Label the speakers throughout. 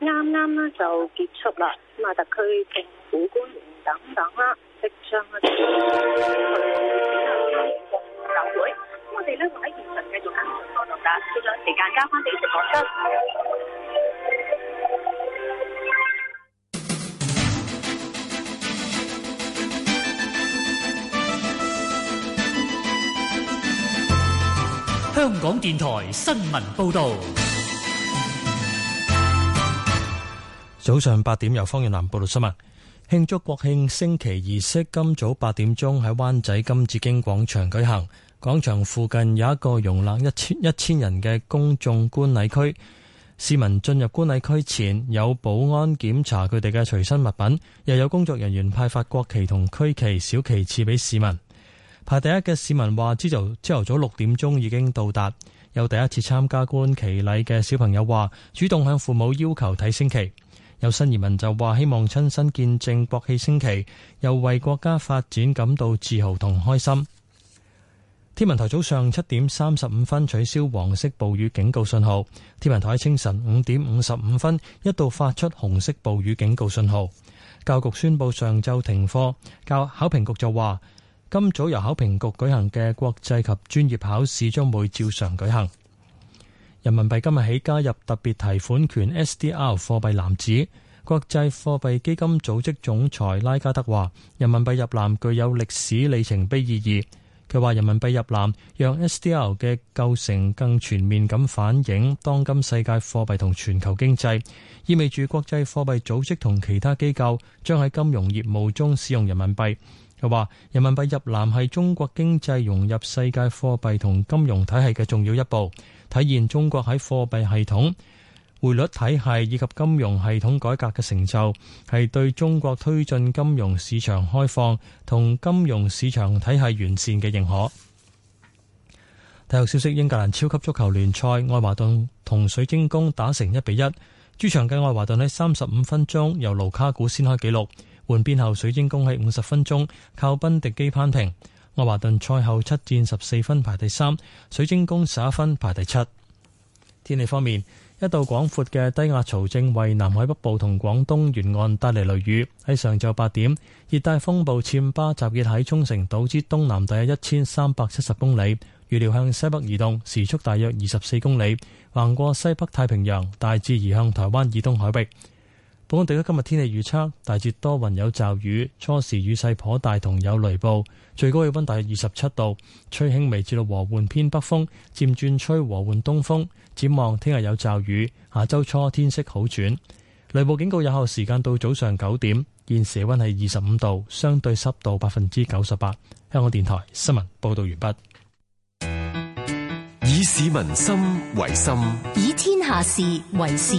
Speaker 1: 啱啱咧就結束啦，咁啊特區政府官員等等啦，即將一啲群眾集會，咁我哋咧會
Speaker 2: 喺現場
Speaker 1: 繼續跟進報道。得，盡量時間交翻俾直播室。
Speaker 3: 香港電台新聞報道。早上八點由方潤南報道新聞，慶祝國慶升旗儀式今早八點鐘喺灣仔金紫荊廣場舉行。廣場附近有一個容納一千一千人嘅公眾觀禮區。市民進入觀禮區前，有保安檢查佢哋嘅隨身物品，又有工作人員派發國旗同區旗小旗賜俾市民。排第一嘅市民話，朝早朝頭早六點鐘已經到達。有第一次參加觀旗禮嘅小朋友話，主動向父母要求睇升旗。有新移民就話希望親身見證國慶升旗，又為國家發展感到自豪同開心。天文台早上七點三十五分取消黃色暴雨警告信號，天文台清晨五點五十五分一度發出紅色暴雨警告信號。教育局宣布上晝停課，教考評局就話今早由考評局舉行嘅國際及專業考試將會照常舉行。人民幣今日起加入特別提款權 SDR 貨幣籃子。國際貨幣基金組織總裁拉加德話，人民幣入籃具有歷史里程碑意義。佢話，人民幣入籃讓 SDR 嘅構成更全面，咁反映當今世界貨幣同全球經濟，意味住國際貨幣組織同其他機構將喺金融業務中使用人民幣。佢話，人民幣入籃係中國經濟融入世界貨幣同金融體系嘅重要一步，體現中國喺貨幣系統、匯率體系以及金融系統改革嘅成就，係對中國推進金融市場開放同金融市場體系完善嘅認可。體育消息：英格蘭超級足球聯賽，愛華頓同水晶宮打成一比一。主場嘅愛華頓喺三十五分鐘由盧卡古先開紀錄。換邊後，水晶宮喺五十分鐘靠賓迪基攀平。愛華頓賽後七戰十四分排第三，水晶宮十一分排第七。天氣方面，一道廣闊嘅低壓槽正為南海北部同廣東沿岸帶嚟雷雨。喺上晝八點，熱帶風暴暹巴集結喺沖繩島之東南大約一千三百七十公里，預料向西北移動，時速大約二十四公里，橫過西北太平洋，大致移向台灣以東海域。本港地區今日天氣預測：大致多雲有驟雨，初時雨勢頗大，同有雷暴，最高氣温大約二十七度，吹輕微至到和緩偏北風，漸轉吹和緩東風。展望聽日有驟雨，下周初天色好轉。雷暴警告有效時間到早上九點。現時氣溫係二十五度，相對濕度百分之九十八。香港電台新聞報道完畢。以市民心為心，
Speaker 1: 以天下事為
Speaker 4: 事。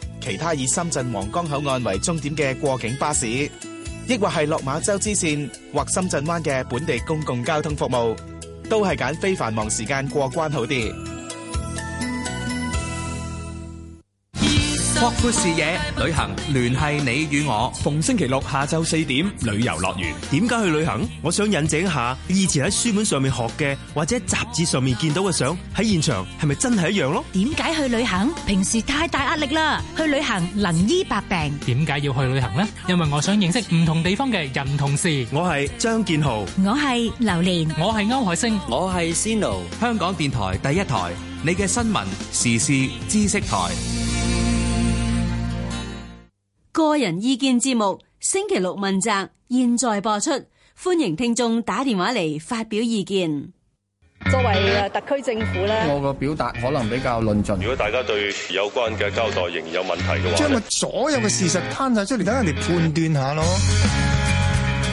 Speaker 5: 其他以深圳皇崗口岸為終點嘅過境巴士，抑或係落馬洲支線或深圳灣嘅本地公共交通服務，都係揀非繁忙時間過關好啲。
Speaker 3: 擴闊視野，旅行聯繫你與我。逢星期六下晝四點，旅遊樂園。點解去旅行？我想
Speaker 5: 引證下以前喺書本上面學嘅，或者雜誌上面見到嘅相，喺現場係咪
Speaker 3: 真係一樣咯？
Speaker 6: 點解去旅行？平時太大壓力啦，去旅行能醫百病。
Speaker 3: 點解要去旅行呢？因為我想認識唔同地方嘅人同事。我係張建豪，我係劉蓮，我係歐海星，我係 Cino。香港電台第一台，你嘅新聞時事知識台。
Speaker 1: 個人意見節目星期六問責，現在播出，歡迎聽眾打電話嚟發表意見。作為特區政府咧，我個表達可
Speaker 3: 能比較論盡。如果大家對有關嘅交代仍然有問題嘅話，將個
Speaker 4: 所
Speaker 7: 有嘅事實攤晒出嚟，等、嗯、人哋判斷下咯。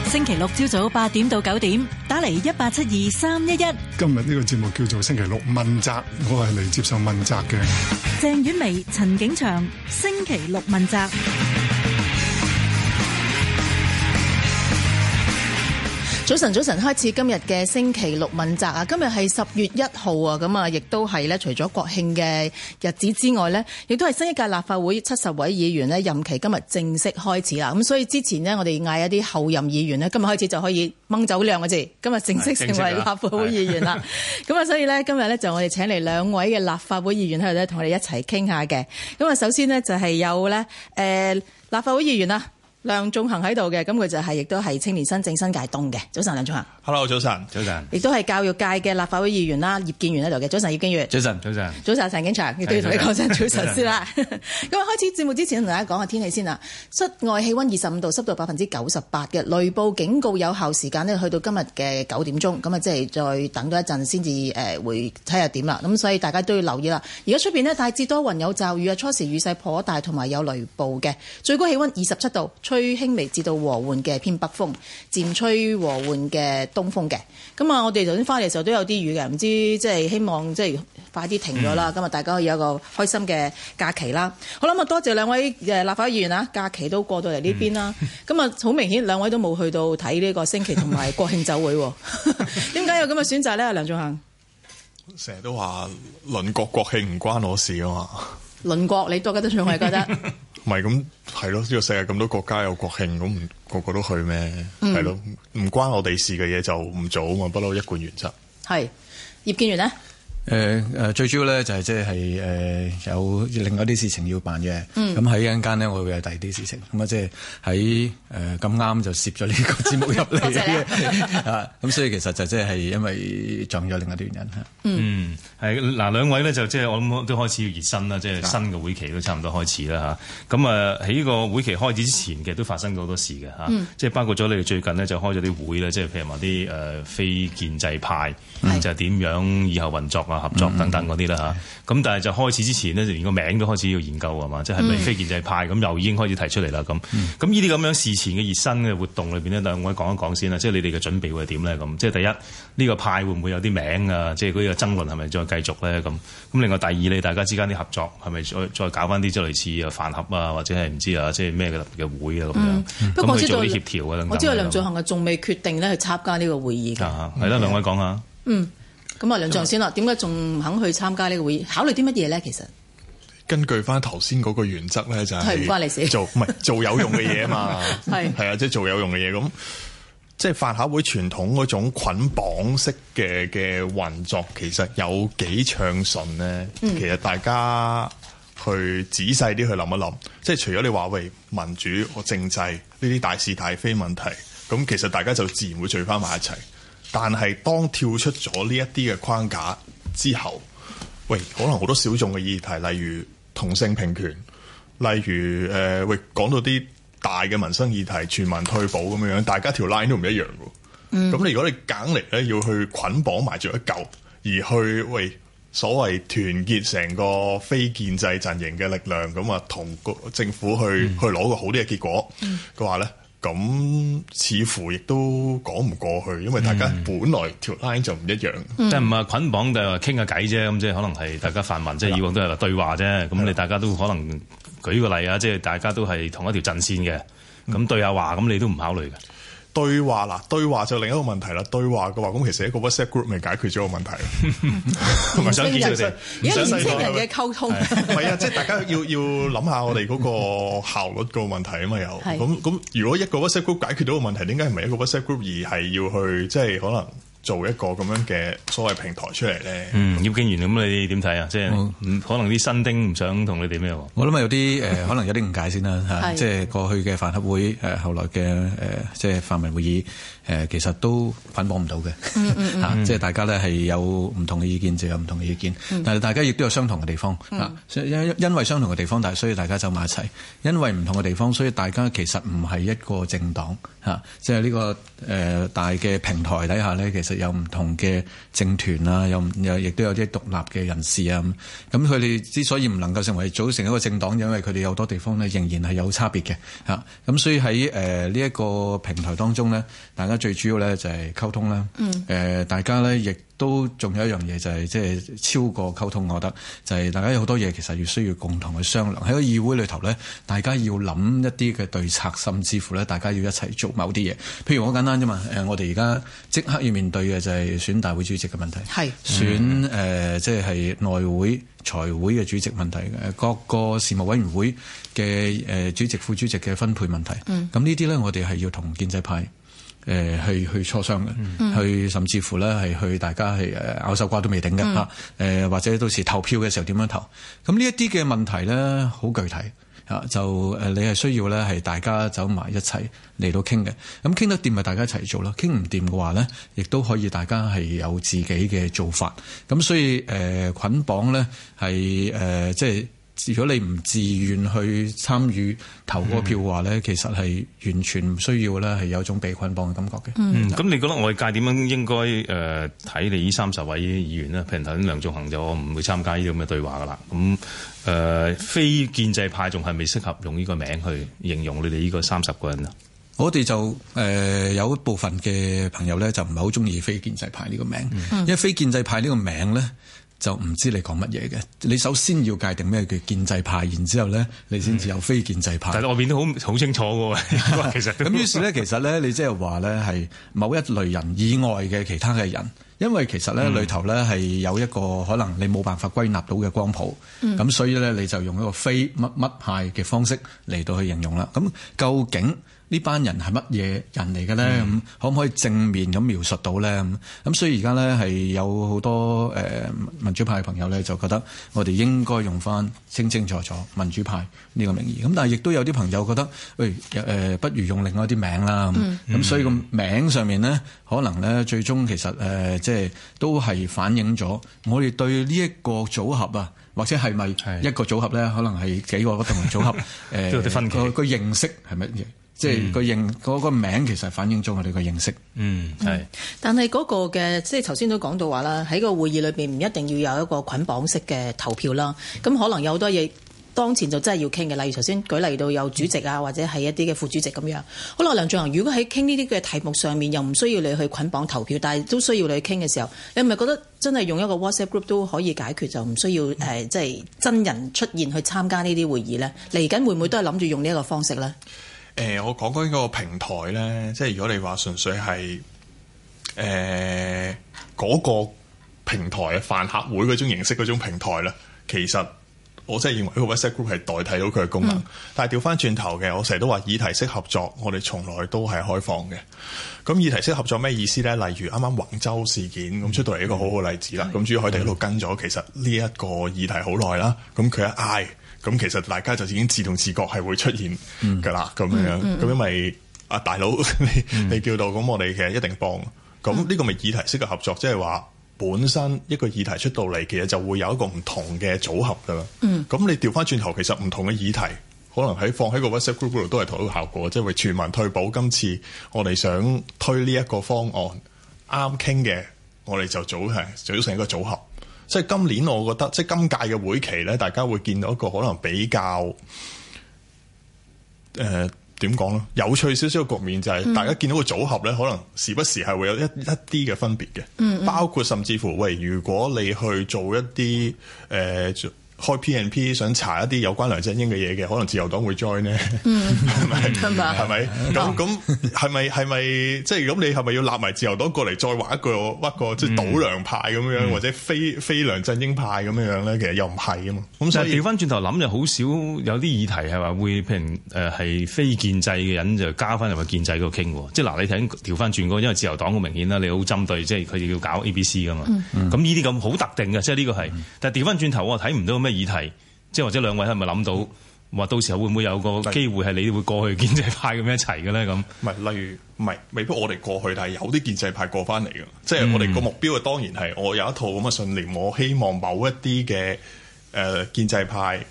Speaker 4: 星期六朝早八點到九點，打嚟一八七二三一一。
Speaker 7: 今日呢個節目叫做星期六問責，我係嚟接受問責嘅。
Speaker 4: 鄭婉薇、陳景祥，星期六問責。早晨，早晨！開始今日嘅星期六問責啊！今日係十月一號啊！咁啊，亦都係咧，除咗國慶嘅日子之外咧，亦都係新一屆立法會七十位議員咧任期今日正式開始啦！咁所以之前呢，我哋嗌一啲候任議員咧，今日開始就可以掹走兩個字，今日正式成為立法會議員啦！咁啊， 所以咧，今日咧就我哋請嚟兩位嘅立法會議員喺度咧，同我哋一齊傾下嘅。咁啊，首先呢，就係有咧，誒立法會議員啊！梁頌恆喺度嘅，咁佢就係、是、亦都係青年新政新界東嘅。早晨，梁頌恆。
Speaker 7: Hello，早晨，早晨。亦
Speaker 4: 都係教育界嘅立法會議員啦，葉建源喺度嘅。早晨，葉建源。
Speaker 7: 早晨上，早晨
Speaker 4: 上。早晨上，陳景祥亦都要同你講聲早晨先啦。咁啊上， 開始節目之前同大家講下天氣先啦。室外氣溫二十五度，濕度百分之九十八嘅，雷暴警告有效時間咧去到今日嘅九點鐘，咁啊即係再等多一陣先至誒會睇下點啦。咁所以大家都要留意啦。而家出邊咧大致多雲有驟雨啊，初時雨勢頗大，同埋有雷暴嘅，最高氣溫二十七度。吹輕微至到和緩嘅偏北風，漸吹和緩嘅東風嘅。咁啊，我哋頭先翻嚟嘅時候都有啲雨嘅，唔知即係希望即係快啲停咗啦。咁啊、嗯，大家可以有一個開心嘅假期啦。好啦，咁啊，多謝兩位誒立法會議員啊，假期都過到嚟呢邊啦。咁啊、嗯，好明顯兩位都冇去到睇呢個升旗同埋國慶酒會，點解 有咁嘅選擇咧？梁頌恆
Speaker 7: 成日都話輪國國慶唔關我事啊嘛，
Speaker 4: 輪國你多吉都我去覺得。
Speaker 7: 唔係咁，係咯，呢個世界咁多國家有國慶，咁唔個個都去咩？係咯、嗯，唔關我哋事嘅嘢就唔做啊嘛，不嬲一貫原則。
Speaker 4: 係，葉建源咧？
Speaker 7: 誒誒、呃，最主要咧就
Speaker 8: 係即係誒有另外啲事情要辦嘅，咁喺一陣間咧我會有第二啲事情，咁啊即係喺誒咁啱就攝咗呢個節目入嚟嘅。 啊，
Speaker 5: 咁所以其實就即係因為撞咗另一段人吓，
Speaker 2: 嗯，
Speaker 5: 係嗱兩位咧就即、是、係我諗都開始要熱身啦，即、就、係、是、新嘅會期都差唔多開始啦吓，咁啊喺呢個會期開始之前，嘅都發生過好多事嘅吓，即、啊、係、嗯、包括咗你哋最近呢，就開咗啲會咧，即係譬如話啲誒非建制派就係點樣以後運作。合作等等嗰啲啦嚇，咁、mm. 但係就開始之前咧，連個名都開始要研究啊嘛，即係咪非建制派咁、mm. 又已經開始提出嚟啦咁。咁呢啲咁樣事前嘅熱身嘅活動裏邊呢，兩位講一講先啦，即係你哋嘅準備會係點咧咁。即係第一，呢、呢個派會唔會有啲名啊？即係嗰啲嘅爭論係咪再繼續咧咁？咁另外第二，你大家之間啲合作係咪再再搞翻啲即係類似啊飯盒啊，或者係唔知啊，即係咩嘅特別嘅會啊咁樣？不過我知道，我知梁頌
Speaker 4: 恆啊，仲未決定咧係參加呢個
Speaker 7: 會議
Speaker 5: 㗎。啦、啊，兩位講下。嗯。
Speaker 4: Mm. 咁啊，梁將先啦，點解仲唔肯去參加呢個會議？考慮啲乜嘢咧？其實
Speaker 7: 根據翻頭先嗰個原則咧，就係唔關你事是 做唔係做有用嘅嘢啊嘛，係係啊，即係是、就是、做有用嘅嘢。咁即係飯盒會傳統嗰種捆綁式嘅嘅運作，其實有幾暢順咧？嗯、其實大家去仔細啲去諗一諗，即係除咗你話喂民主和政制呢啲大是大非問題，咁其實大家就自然會聚翻埋一齊。但係，當跳出咗呢一啲嘅框架之後，喂，可能好多小眾嘅議題，例如同性平權，例如誒、呃，喂，講到啲大嘅民生議題，全民退保咁樣樣，大家條 line 都唔一樣嘅。咁你、嗯、如果你揀嚟咧，要去捆綁埋住一嚿，而去喂所謂團結成個非建制陣營嘅力量，咁啊同個政府去、嗯、去攞個好啲嘅結果嘅、嗯、話咧？咁似乎亦都講唔過去，因為大家本來條 line 就唔一樣，嗯、即係唔
Speaker 5: 係捆綁就係傾下偈啫，咁即係可能係大家泛民，即係是的 以往都係話對話啫，咁是的 你大家都可能舉個例啊，即係大家都係同一條陣線嘅，咁是的 對下話，咁你都唔考慮嘅。
Speaker 7: 對話啦，
Speaker 5: 對話就另一個問題啦。
Speaker 7: 對話嘅話，咁其實一個 WhatsApp group 未解決咗個問題，同埋 想見識，而家 年輕人嘅
Speaker 4: 溝通，
Speaker 7: 係 啊，啊 即係大家要要諗下我哋嗰個效率個問題啊嘛。又咁咁，如果一個 WhatsApp group 解決到個問題，點解唔係一個 WhatsApp group 而係要去即係
Speaker 5: 可能？做
Speaker 7: 一個咁樣嘅所謂平台出嚟咧，
Speaker 5: 嗯，葉建源咁，你點睇啊？即係可能啲新丁唔想同你哋咩？我諗有啲誒、呃，可能有啲誤解先啦嚇、 啊。即係
Speaker 8: 過去嘅飯盒會誒、呃，後來嘅誒、呃，即係泛民會議誒、呃，其實都捆綁唔到嘅。即係大家咧係有唔同嘅意見，就有唔同嘅意見，但係大家亦都有相同嘅地方啊。因因為相同嘅地方，但大所以大家走埋一齊。因為唔同嘅地方，所以大家其實唔係一個政黨嚇、啊。即係呢、這個誒、呃、大嘅平台底下咧，其實。有唔同嘅政團啊，有有亦都有啲獨立嘅人士啊，咁佢哋之所以唔能夠成為組成一個政黨，因為佢哋好多地方咧仍然係有差別嘅嚇。咁所以喺誒呢一個平台當中咧，大家最主要咧就係溝通啦。嗯，誒、呃、大家咧亦。都仲有一樣嘢，就係即係超過溝通，我覺得就係大家有好多嘢其實要需要共同去商量。喺個議會裏頭咧，大家要諗一啲嘅對策，甚至乎咧大家要一齊做某啲嘢。譬如好簡單啫嘛，誒、嗯呃，我哋而家即刻要面對嘅就係選大會主席嘅問題，
Speaker 4: 係是選
Speaker 8: 誒即係內會財會嘅主席問題，誒各個事務委員會嘅誒主席副主席嘅分配問題。咁、嗯、呢啲咧，我哋係要同建制派。誒、呃，去去磋商嘅，去、嗯、去甚至乎咧係去大家係、呃、咬手瓜都未定嘅吓，誒、嗯呃、或者到時投票嘅時候點樣投？咁呢一啲嘅問題咧，好具體吓、啊，就誒、呃、你係需要咧係大家走埋一齊嚟到傾嘅。咁傾得掂咪大家一齊做咯，傾唔掂嘅話咧，亦都可以大家係有自己嘅做法。咁、啊、所以誒、呃、捆綁咧係誒即係。呃如果你唔自願去參與投個票話咧，嗯、其實係完全唔需要咧，係有種被捆綁嘅感覺嘅。嗯，咁、
Speaker 5: 嗯、你覺得外界點樣應該誒睇、呃、你呢三十位議員呢？譬如梁頌恆就我唔會參加呢啲咁嘅對話噶啦。咁誒、呃，非建制派仲係未適合用呢個名去形容你哋呢個三十個人啊？
Speaker 8: 我哋就誒、呃、有一部分嘅朋友咧，就唔係好中意非建制派呢個名，嗯、因為非建制派呢個名咧。就唔知你講乜嘢嘅，你首先要界定咩叫建制派，然之後咧，你先至有非建制派。嗯、但係外邊都好好清楚嘅喎， 其實。咁於是咧，其實咧，你即係話咧係某一類人以外嘅其他嘅人，因為其實咧裏、嗯、頭咧係有一個可能你冇辦法歸納到嘅光譜，咁、嗯、所以咧你就用一個非乜乜派嘅方式嚟到去形容啦。咁究竟，呢班人係乜嘢人嚟嘅咧？嗯、可唔可以正面咁描述到咧？咁、嗯、所以而家咧係有好多誒、呃、民主派嘅朋友咧，就覺得我哋應該用翻清清楚楚民主派呢個名義。咁但係亦都有啲朋友覺得，誒、哎、誒、呃，不如用另外一啲名啦。咁、嗯嗯、所以個名上面咧，可能咧最終其實誒，即、呃、係都係反映咗我哋對呢一個組合啊，或者係咪一個組合咧？可能係幾個不同組合誒個個認識係乜嘢？ 即係、嗯、個認嗰名其實反映咗我哋個認識，嗯
Speaker 2: 係、嗯。
Speaker 4: 但係嗰個嘅即係頭先都講到話啦，喺個會議裏邊唔一定要有一個捆綁式嘅投票啦。咁可能有好多嘢，當前就真係要傾嘅，例如頭先舉例到有主席啊，或者係一啲嘅副主席咁樣。好啦，梁頌恆，如果喺傾呢啲嘅題目上面又唔需要你去捆綁投票，但係都需要你去傾嘅時候，你係咪覺得真係用一個 WhatsApp group 都可以解決，就唔需要誒即係真人出現去參加呢啲會議呢？嚟緊會唔會都係諗住用呢一個方式呢？
Speaker 7: 誒、呃，我講緊呢個平台咧，即係如果你話純粹係誒嗰個平台嘅飯盒會嗰種形式，嗰種平台咧，其實我真係認為呢個 WhatsApp Group 係代替到佢嘅功能。嗯、但係掉返轉頭嘅，我成日都話議題式合作，我哋從來都係開放嘅。咁議題式合作咩意思咧？例如啱啱橫洲事件咁出到嚟一個好好例子啦。咁朱凱廸喺度跟咗，其實呢一個議題好耐啦。咁佢一嗌。咁其實大家就已經自動自覺係會出現嘅啦啦，咁樣、嗯、樣，咁、嗯、因為阿大佬你你叫到我，咁、嗯、我哋其實一定幫，咁呢、嗯、個咪議題式嘅合作，即係話本身一個議題出到嚟，其實就會有一個唔同嘅組合嘅啦。咁、嗯、你調翻轉頭其實唔同嘅議題可能喺放喺個 WhatsApp group 度都係同一個效果，即係為全民退保。今次我哋想推呢一個方案啱傾嘅，我哋就組係組成一個組合。即係今年，我覺得即係今屆嘅會期咧，大家會見到一個可能比較誒點講咧，有趣少少嘅局面，就係、是、大家見到個組合咧，可能時不時係會有一一啲嘅分別嘅，包括甚至乎喂，如果你去做一啲誒。呃開 P n P 想查一啲有關梁振英嘅嘢嘅，可能自由黨會 join 咧，
Speaker 2: 係咪？
Speaker 7: 係咪？咁咁係咪係咪？即係咁，你係咪要立埋自由黨過嚟再話一句屈個即係倒梁派咁樣，或者非非梁振英派咁樣咧？其實又唔係啊嘛。咁所以調
Speaker 5: 翻轉頭諗就好少有啲議題係話會譬如誒係非建制嘅人就加翻入去建制嗰度傾喎。即係嗱，你睇調翻轉個，因為自由黨好明顯啦，你好針對即係佢哋要搞 A B C 啊嘛。咁呢啲咁好特定嘅，即係呢個係。但係調翻轉頭我睇唔到咩？議題，即係或者兩位係咪諗到，話到時候會唔會有個機會係你會過去建制派咁樣一齊嘅咧？咁唔係，例如唔係，
Speaker 7: 未必我哋過去，但係有啲建制派過翻嚟嘅。嗯、即係我哋個目標啊，當然係我有一套咁嘅信念，我希望某一啲嘅誒建制派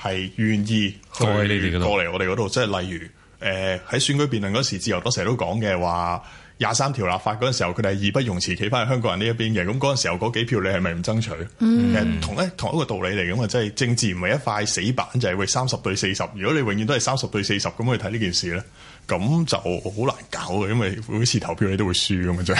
Speaker 7: 係願意去過嚟，過嚟我哋嗰度。即係例如誒喺、呃、選舉辯論嗰時，自由黨成日都講嘅話。廿三條立法嗰陣時候，佢哋係義不容辭企翻喺香港人呢一邊嘅，咁嗰陣時候嗰幾票你係咪唔爭取？其實、嗯、同一同一個道理嚟，咁啊，即係政治唔係一塊死板，就係會三十對四十。如果你永遠都係三十對四十咁去睇呢件事咧。咁就好難搞嘅，因為每次投票你都會輸咁啊！就、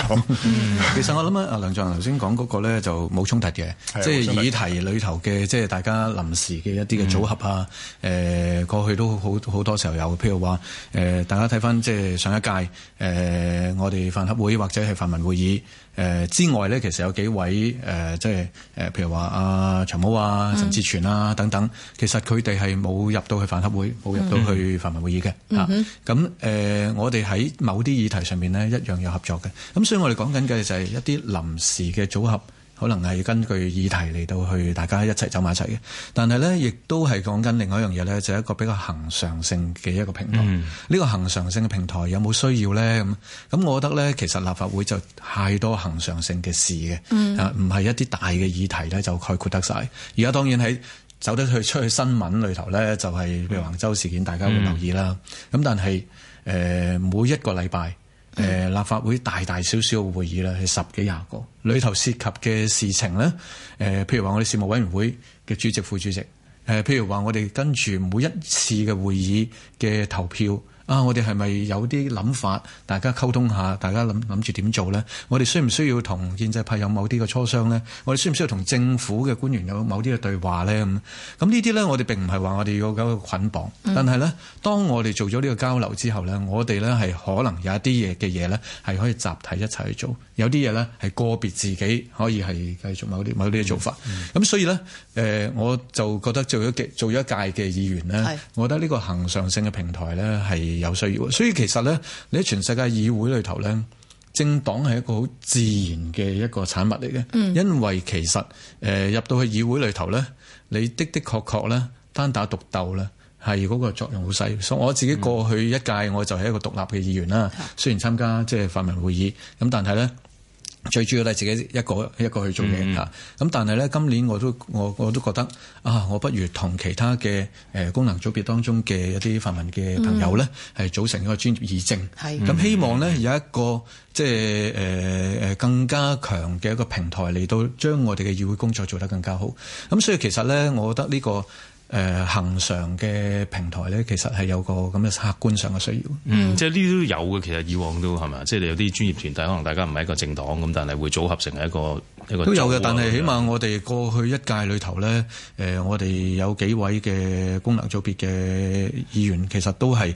Speaker 7: 嗯、 其實我諗啊，阿梁頌恆頭先講嗰個咧就冇衝突嘅，即係議題裏頭嘅，
Speaker 8: 即、就、係、是、大家臨時嘅一啲嘅組合啊，誒、嗯呃、過去都好好多時候有，譬如話誒、呃、大家睇翻即係上一屆誒、呃、我哋飯盒會或者係泛民會議。誒、呃、之外咧，其實有幾位誒，即係誒，譬如話阿長毛啊、陳志全啊等等，其實佢哋係冇入到去飯盒會，冇入到去泛民會議嘅。嚇、嗯哼，咁誒、啊呃，我哋喺某啲議題上面咧一樣有合作嘅。咁所以我哋講緊嘅就係一啲臨時嘅組合。可能係根據議題嚟到去大家一齊走埋一齊嘅，但係呢，亦都係講緊另外一樣嘢呢就係、是、一個比較恒常性嘅一個平台。呢、mm. 個恒常性嘅平台有冇需要呢？咁、嗯、咁，我覺得呢，其實立法會就太多恒常性嘅事嘅，啊，唔係一啲大嘅議題呢就概括得晒。而家當然喺走得去出去，出去新聞裏頭呢、就是，就係譬如橫州事件，大家會留意啦。咁、mm. 但係誒、呃，每一個禮拜。誒、嗯呃、立法會大大小小嘅會議啦，係十幾廿個，裏頭涉及嘅事情咧，誒、呃、譬如話我哋事務委員會嘅主席、副主席，誒、呃、譬如話我哋跟住每一次嘅會議嘅投票。啊！我哋係咪有啲諗法？大家溝通下，大家諗諗住點做咧？我哋需唔需要同建制派有某啲嘅磋商咧？我哋需唔需要同政府嘅官員有某啲嘅對話咧？咁咁呢啲咧，嗯、我哋並唔係話我哋要搞個捆綁，但係咧，當我哋做咗呢個交流之後咧，我哋咧係可能有一啲嘢嘅嘢咧係可以集體一齊去做，有啲嘢咧係個別自己可以係繼續某啲某啲嘅做法。咁、嗯嗯、所以咧，誒、呃、我就覺得做咗做咗一屆嘅議員咧，是我覺得呢個恒常性嘅平台咧係。有需要，所以其實咧，你喺全世界議會裏頭咧，政黨係一個好自然嘅一個產物嚟嘅。嗯、因為其實誒、呃、入到去議會裏頭咧，你的的確確咧單打獨鬥咧係嗰個作用好細。所以我自己過去一屆，嗯、我就係一個獨立嘅議員啦。雖然參加即係泛民會議，咁但係咧。最主要都係自己一個一個去做嘢嚇，咁、嗯、但係咧今年我都我我都覺得啊，我不如同其他嘅誒、呃、功能組別當中嘅一啲泛民嘅朋友咧，係、嗯、組成一個專業議政，
Speaker 2: 咁是、嗯、希望
Speaker 8: 咧有一個即係誒誒更加強嘅一個平台嚟到將我哋嘅議會工作做得更加好。咁、嗯、所以其實咧，我覺得呢、這個。誒、呃、恆常嘅平台咧，其實係有個咁嘅客觀上嘅需要。嗯，
Speaker 5: 即係呢啲都有嘅。其實以往都係咪啊？即係你有啲專業團體，可能大家唔係一個政黨咁，但係會組合成一個一個都有嘅。但係起碼
Speaker 8: 我哋過去一屆裏頭咧，誒、呃，我哋有幾位嘅功能組別嘅議員，其實都係。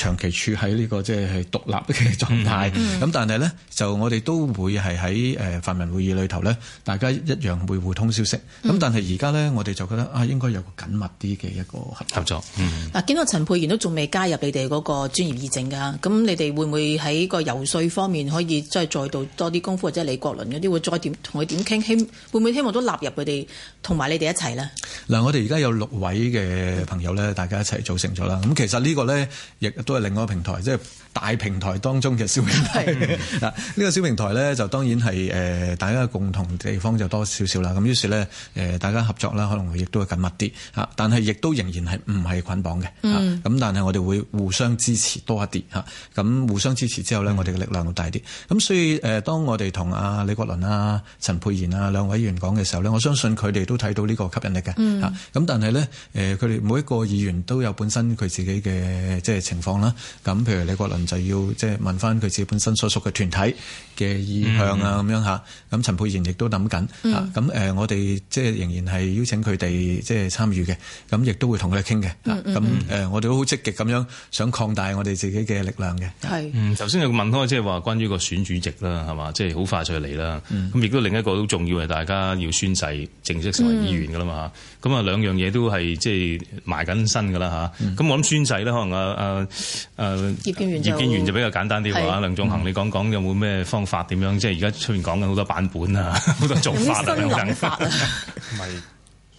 Speaker 8: 長期處喺呢、這個即係、就是、獨立嘅狀態，咁、嗯、但係呢，就我哋都會係喺誒泛民會議裏頭呢。大家一樣會互通消息。咁、嗯、但係而家呢，我哋就覺得啊，應該有個緊密啲嘅一個合作。嗱、
Speaker 4: 嗯啊，見到陳沛然都仲未加入你哋嗰個專業議政㗎，咁你哋會唔會喺個遊説方面可以即係再做多啲功夫，或者李國麟嗰啲會再點同佢點傾？希會唔會希望都納入佢哋同埋你哋一齊呢？
Speaker 8: 嗱、啊，我哋而家有六位嘅朋友呢，大家一齊組成咗啦。咁其實呢個呢。亦～都係另外一個平台，即係。大平台當中嘅小平台，嗱 呢個小平台呢，就當然係誒、呃、大家共同地方就多少少啦。咁於是呢，誒、呃、大家合作啦，可能亦都會緊密啲嚇，但係亦都仍然係唔係捆綁嘅咁、啊、但係我哋會互相支持多一啲嚇。咁、啊、互相支持之後呢，我哋嘅力量會大啲。咁、嗯、所以誒、呃，當我哋同阿李國麟啊、陳沛然啊兩位議員講嘅時候呢，我相信佢哋都睇到呢個吸引力嘅嚇。咁、啊、但係呢，誒、呃，佢哋每一個議員都有本身佢自己嘅即係情況啦。咁、啊、譬如李國麟，就要即係問翻佢自己本身所屬嘅團體嘅意向啊，咁樣嚇。咁、嗯、陳佩賢亦都諗緊咁誒，我哋即係仍然係邀請佢哋即係參與嘅。咁亦都會同佢哋傾嘅。咁誒，我哋都好積極咁樣想擴大我哋自己嘅力量嘅。係。嗯，
Speaker 5: 嗯，頭先有問開即係話關於個選主席啦，係嘛？即係好快就嚟啦。咁亦都另一個都重要係大家要宣誓正式成為議員噶啦嘛，咁啊，兩樣嘢都係即係埋緊身噶啦嚇。咁我諗宣誓咧，可能啊啊、呃呃、啊。葉建源、呃建源就比較簡單啲喎，梁頌恆，你講講有冇咩方法？點樣？即係而家出面講緊好多版本啊，好多
Speaker 7: 做法啊，好多方法啊。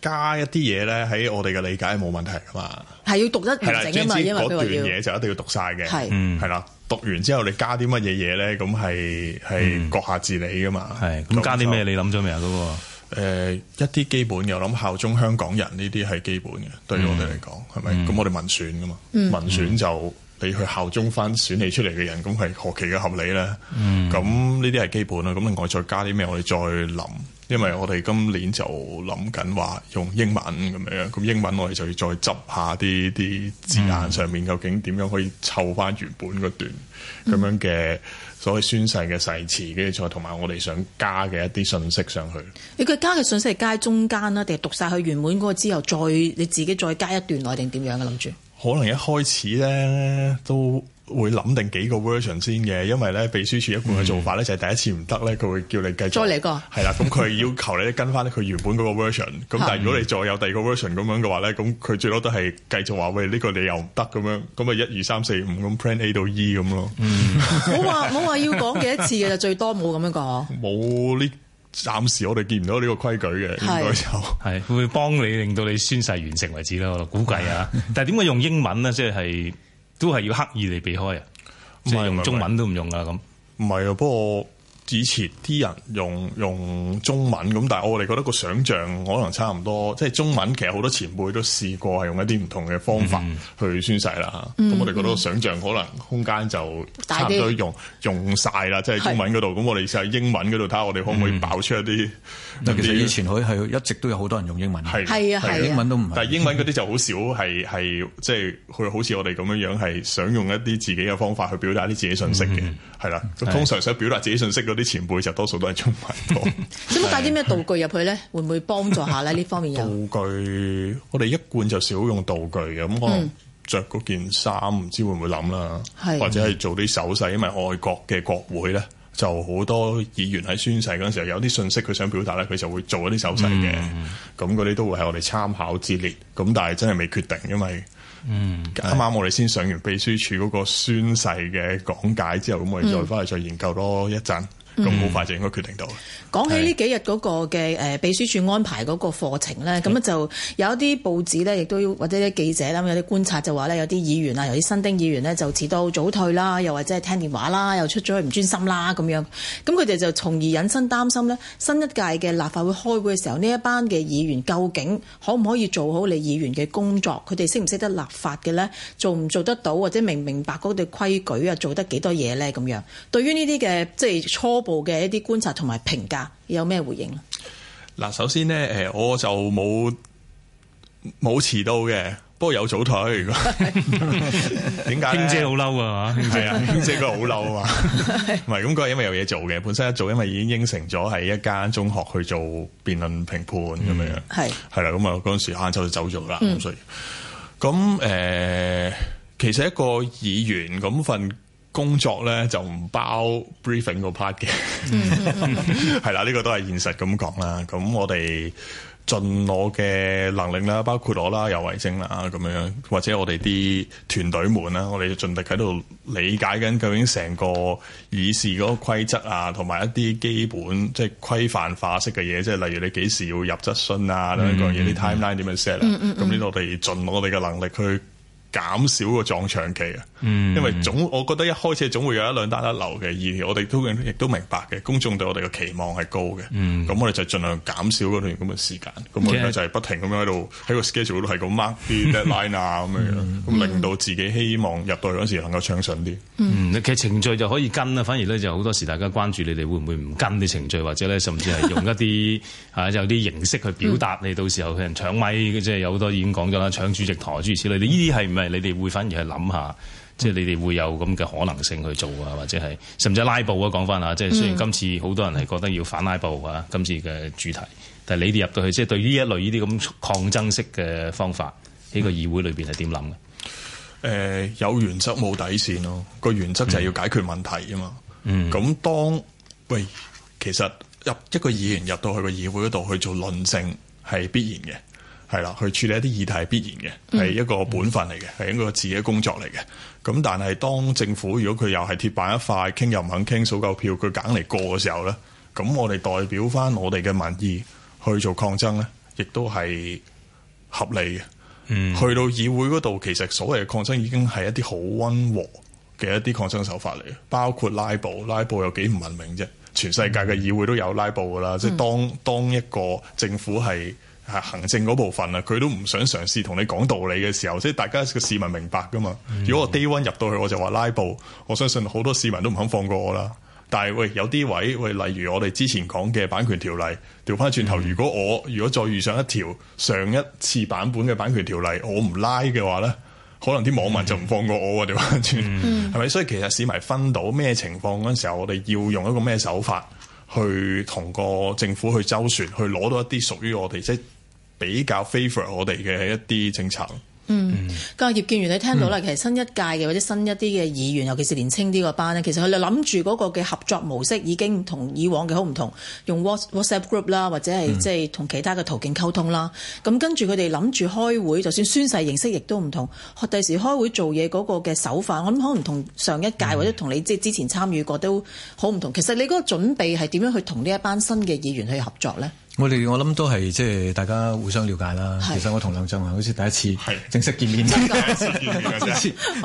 Speaker 7: 加一啲嘢咧，喺我哋嘅理解係冇問題噶嘛。
Speaker 4: 係要讀得完整啊嘛，因為佢話要。嗰段嘢
Speaker 7: 就一定要讀晒嘅。係，係啦，讀完之後你加啲乜嘢嘢咧？咁係係閣下自理噶嘛。係。咁加啲咩？你諗咗未啊？嗰個？誒，一啲基本又諗效忠香港人呢啲係基本嘅，對於我哋嚟講係咪？咁我哋民選噶嘛，民選就。你要去效忠翻選起出嚟嘅人，咁係何其嘅合理咧？咁呢啲係基本啦。咁另外再加啲咩，我哋再諗。因為我哋今年就諗緊話用英文咁樣，咁英文我哋就要再執下啲啲字眼上面、嗯、究竟點樣可以湊翻原本嗰段咁樣嘅所謂宣誓嘅誓詞，跟住再同埋我哋想加嘅一啲信息上去。
Speaker 4: 你佢加嘅信息係加喺中間啦，定係讀晒佢原本嗰個之後，再你自己再加一段落，定點樣嘅諗住？
Speaker 7: 可能一開始咧都會諗定幾個 version 先嘅，因為咧秘書處一貫嘅做法咧就係第一次唔得咧，佢會叫你繼續再嚟個系啦。咁佢要求你跟翻佢原本嗰個 version。咁但係如果你再有第二個 version 咁樣嘅話咧，咁佢最多都係繼續話，喂，呢個你又唔得咁樣，咁啊一二三四五咁 plan A 到 E 咁咯。冇話冇話
Speaker 4: 要講幾多次嘅，就最多冇咁樣講。
Speaker 5: 冇呢。暫時我哋見唔到呢個規矩嘅，是應該就係 會，會幫你令到你宣誓完成為止咯，我估計啊。 但係點解用英文呢？即係都係要刻意嚟避開啊，是即係用中文都唔用啊咁。唔係啊，不過。以前
Speaker 7: 啲人用用中文咁，但係我哋覺得個想像可能差唔多，即係中文其實好多前輩都試過係用一啲唔同嘅方法去宣誓啦嚇。咁、嗯、我哋覺得個想像可能空間就差唔多用用曬啦，即係中文嗰度。咁是我哋試下英文嗰度睇下，我哋可唔可以爆出一啲？嗯、其實以前佢係一直都有好多人用英文，係啊係、啊啊啊、英文都唔係。但係英文嗰啲就少、就是、好少係係即係佢好似我哋咁樣樣係想用一啲自己嘅方法去表達啲自己信息嘅，係啦。通常想表達自己信息啲。啲前輩就多數都係做埋到咁，唔 帶啲咩道
Speaker 4: 具入去咧？會唔會幫助下咧？呢方面有
Speaker 7: 道具，我哋一貫就少用道具嘅。咁我著嗰件衫，唔知會唔會諗啦？係是或者係做啲手勢，因為外國嘅國會咧，就好多議員喺宣誓嗰陣時候有啲信息佢想表達咧，佢就會做一啲手勢嘅。咁嗰啲都會係我哋參考之列。咁但係真係未決定，因為啱啱我哋先上完秘書處嗰個宣誓嘅講解之後，咁我哋再翻去再研究多一陣。咁好快就應該決定到。講起呢
Speaker 4: 幾日嗰個嘅誒秘書處安排嗰個課程呢，咁啊、嗯、就有一啲報紙呢，亦都或者啲記者啦，有啲觀察就話呢，有啲議員啊，有啲新丁議員呢，就遲到早退啦，又或者係聽電話啦，又出咗去唔專心啦咁樣。咁佢哋就從而引申擔心呢，新一屆嘅立法會開會嘅時候，呢一班嘅議員究竟可唔可以做好你議員嘅工作？佢哋識唔識得立法嘅呢？做唔做得到？或者明唔明白嗰對規矩啊？做得幾多嘢呢？咁樣對於呢啲嘅即係初部嘅一啲觀察同埋評價有咩回應咧？
Speaker 7: 嗱，首先咧，誒，我就冇冇遲到嘅，不過有早退。點解？ 英姐
Speaker 5: 好嬲啊
Speaker 2: 嘛，係 啊，英姐
Speaker 5: 佢好嬲啊嘛，
Speaker 7: 唔係咁佢係因為有嘢做嘅，本身一早因為已經應承咗喺一間中學去做辯論評判咁樣，係係啦，咁啊嗰陣時晏晝就走咗啦，咁、嗯、所以咁誒、呃，其實一個議員咁份。工作咧就唔包 briefing 個 part 嘅，係啦、mm，呢、hmm. 這個都係現實咁講啦。咁我哋盡我嘅能力啦，包括我啦，游蕙禎啦，咁樣，或者我哋啲團隊們啦，我哋盡力喺度理解緊究竟成個議事嗰個規則啊，同埋一啲基本即係規範化式嘅嘢，即係例如你幾時要入質詢啊，咁、mm hmm. 樣嗰、啊 mm hmm. 樣嘢啲 timeline 點點樣 set 啦。咁呢度我哋盡我哋嘅能力去。減少個撞牆期嘅，因為總我覺得一開始總會有一兩單一流嘅，而我哋都亦都明白嘅，公眾對我哋嘅期望係高嘅，咁、嗯、我哋就盡量減少嗰段咁嘅時間，咁、嗯、我哋就係不停咁樣喺度
Speaker 5: 喺個 schedule 度係咁 mark 啲 deadline 啊咁樣，咁令到自己希望入到嗰時能夠暢順啲、嗯。其實程序就可以跟啦，反而咧就好多時大家關注你哋會唔會唔跟啲程序，或者咧甚至係用一啲 啊有啲形式去表達你、嗯、到時候佢人搶麥，即係有好多已經講咗啦，搶主席台諸如此類，你呢啲係唔係你哋會反而係諗下，即係你哋會有咁嘅可能性去做啊，或者係甚至拉布啊。講翻啊。即係雖然今次好多人係覺得要反拉布啊，今次嘅主題，但係你哋入到去，即係對呢一類呢啲咁抗爭式嘅方法，嗯，呢個議會裏邊係點諗嘅？
Speaker 7: 誒、呃，有原則冇底線咯，個原則就係要解決問題啊嘛。嗯，咁當喂，其實入一個議員入到去個議會嗰度去做論證，係必然嘅。係啦，去處理一啲議題係必然嘅，係一個本分嚟嘅，係一個自己嘅工作嚟嘅。咁但係當政府如果佢又係鐵板一塊，傾又唔肯傾，數夠票佢揀嚟過嘅時候咧，咁我哋代表翻我哋嘅民意去做抗爭咧，亦都係合理嘅。嗯，去到議會嗰度，其實所謂抗爭已經係一啲好温和嘅一啲抗爭手法嚟嘅，包括拉布，拉布有幾唔文明啫？全世界嘅議會都有拉布噶啦，嗯、即係當當一個政府係。係行政嗰部分啊，佢都唔想嘗試同你講道理嘅時候，即係大家個市民明白㗎嘛。嗯、如果我 day one 入到去，我就話拉布，我相信好多市民都唔肯放過我啦。但係喂，有啲位喂，例如我哋之前講嘅版權條例，調翻轉頭，嗯、如果我如果再遇上一條上一次版本嘅版權條例，我唔拉嘅話咧，可能啲網民就唔放過我㗎調翻轉，係咪、嗯嗯。所以其實市民分到咩情況嗰陣時候，我哋要用一個咩手法去同個政府去周旋，去攞到一啲屬於我哋即比較 favour 我哋嘅一啲政策。嗯，
Speaker 4: 咁啊、嗯，葉建源，你聽到啦，嗯、其實新一屆嘅或者新一啲嘅議員，尤其是年青啲個班咧，其實佢哋諗住嗰個嘅合作模式已經同以往嘅好唔同，用 WhatsApp group 啦，或者係即係同其他嘅途徑溝通啦。咁、嗯、跟住佢哋諗住開會，就算宣誓形式亦都唔同。第時開會做嘢嗰個嘅手法，我諗可能同上一屆或者同你即係之前參與過都好唔同。其實你嗰個準備係點樣去同呢一班新嘅議員去合作咧？
Speaker 8: 我哋我諗都係即係大家互相了解啦。是其實我同梁頌恆好似第一次正式見面，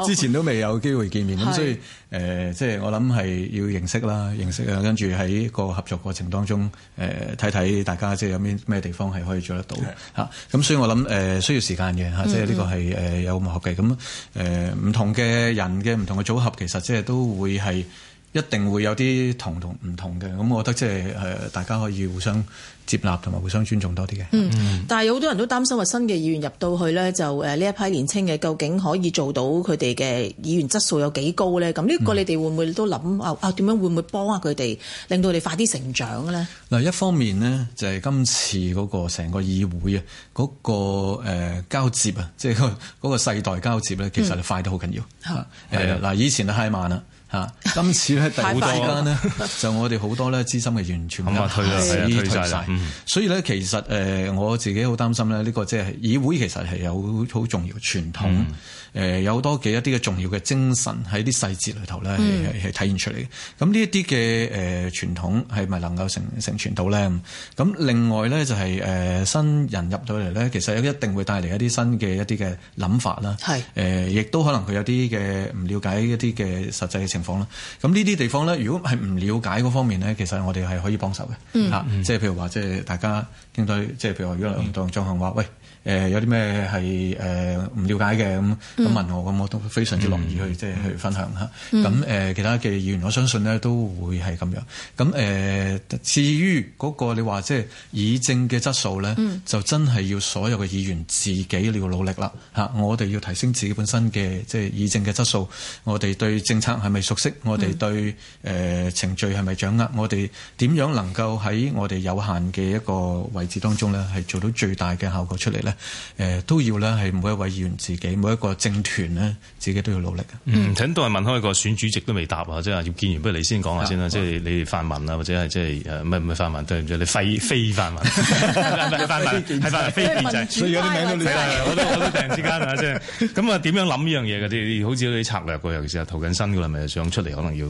Speaker 8: 之前都未有機會見面咁，好所以誒，即係是、呃就是、我諗係要認識啦，認識啊，跟住喺個合作過程當中，誒、呃，睇睇大家即係有邊咩地方係可以做得到吓。咁是、啊、所以我諗誒、呃，需要時間嘅吓，即係呢個係誒有咁磨合嘅。咁誒，唔、呃、同嘅人嘅唔同嘅組合，其實即係都會係一定會有啲同同唔同嘅。咁我覺得即係誒，大家可以互相。接納同埋互相尊重多啲嘅。嗯
Speaker 4: 嗯。但係有好多人都擔心話新嘅議員入到去咧，就誒呢、啊、一批年青嘅究竟可以做到佢哋嘅議員質素有幾高咧？咁呢個你哋會唔會都諗、嗯、啊啊點樣會唔會幫下佢哋，令到佢哋快啲成長咧？
Speaker 8: 嗱、嗯，一方面呢，就係、是、今次嗰個成個議會啊，嗰、嗰個、呃、交接啊，即係嗰個世代交接咧，其實就快得好緊要嚇。係嗱、嗯呃，以前啊，慢啦。吓 今次咧，第多間咧，就我哋好多咧，資深嘅完全冇。 咁退啦，是退晒啦、嗯、所以咧，其實誒我自己好擔心咧，呢個即係議會其實係有好重要傳統誒、嗯呃、有好多嘅一啲嘅重要嘅精神喺啲細節裏頭咧，係係、嗯、體現出嚟嘅。咁呢一啲嘅誒傳統係咪能夠成成傳到咧？咁另外咧就係誒新人入到嚟咧，其實一定會帶嚟一啲新嘅一啲嘅諗法啦。係誒亦都可能佢有啲嘅唔了解一啲嘅實際嘅。情況啦，咁呢啲地方咧，如果係唔了解嗰方面咧，其實我哋係可以幫手嘅，嚇、嗯，即係譬如話，即係大家應對，即係譬如話，如果當頌恆話：喂。誒、呃、有啲咩係誒唔了解嘅咁咁問我咁我都非常之樂意去即係、嗯、去分享嚇。咁誒、嗯呃、其他嘅議員我相信咧都會係咁樣。咁誒、呃、至於嗰、嗰個你話即係議政嘅質素咧，嗯、就真係要所有嘅議員自己要努力啦嚇。嗯、我哋要提升自己本身嘅即係議政嘅質素。我哋對政策係咪熟悉？我哋對誒、呃、程序係咪掌握？我哋點樣能夠喺我哋有限嘅一個位置當中咧係做到最大嘅效果出嚟咧？誒，都要咧，係每一位議員自己，每一個政團咧，自己都要努力。嗯，
Speaker 5: 請都係問開個選主席都未答啊，即係要見完不如你先講下先啦。的即係你哋泛民啊，或者係即係誒，唔係唔係泛民對唔住，你非非泛民，係
Speaker 2: 泛民，係非，非建制，所以而
Speaker 5: 家啲名都亂晒，我都突然之間啊， 即係咁啊，點樣諗呢樣嘢？嗰啲好似啲策略，尤其是係，投緊新噶啦，咪想出嚟，可能要。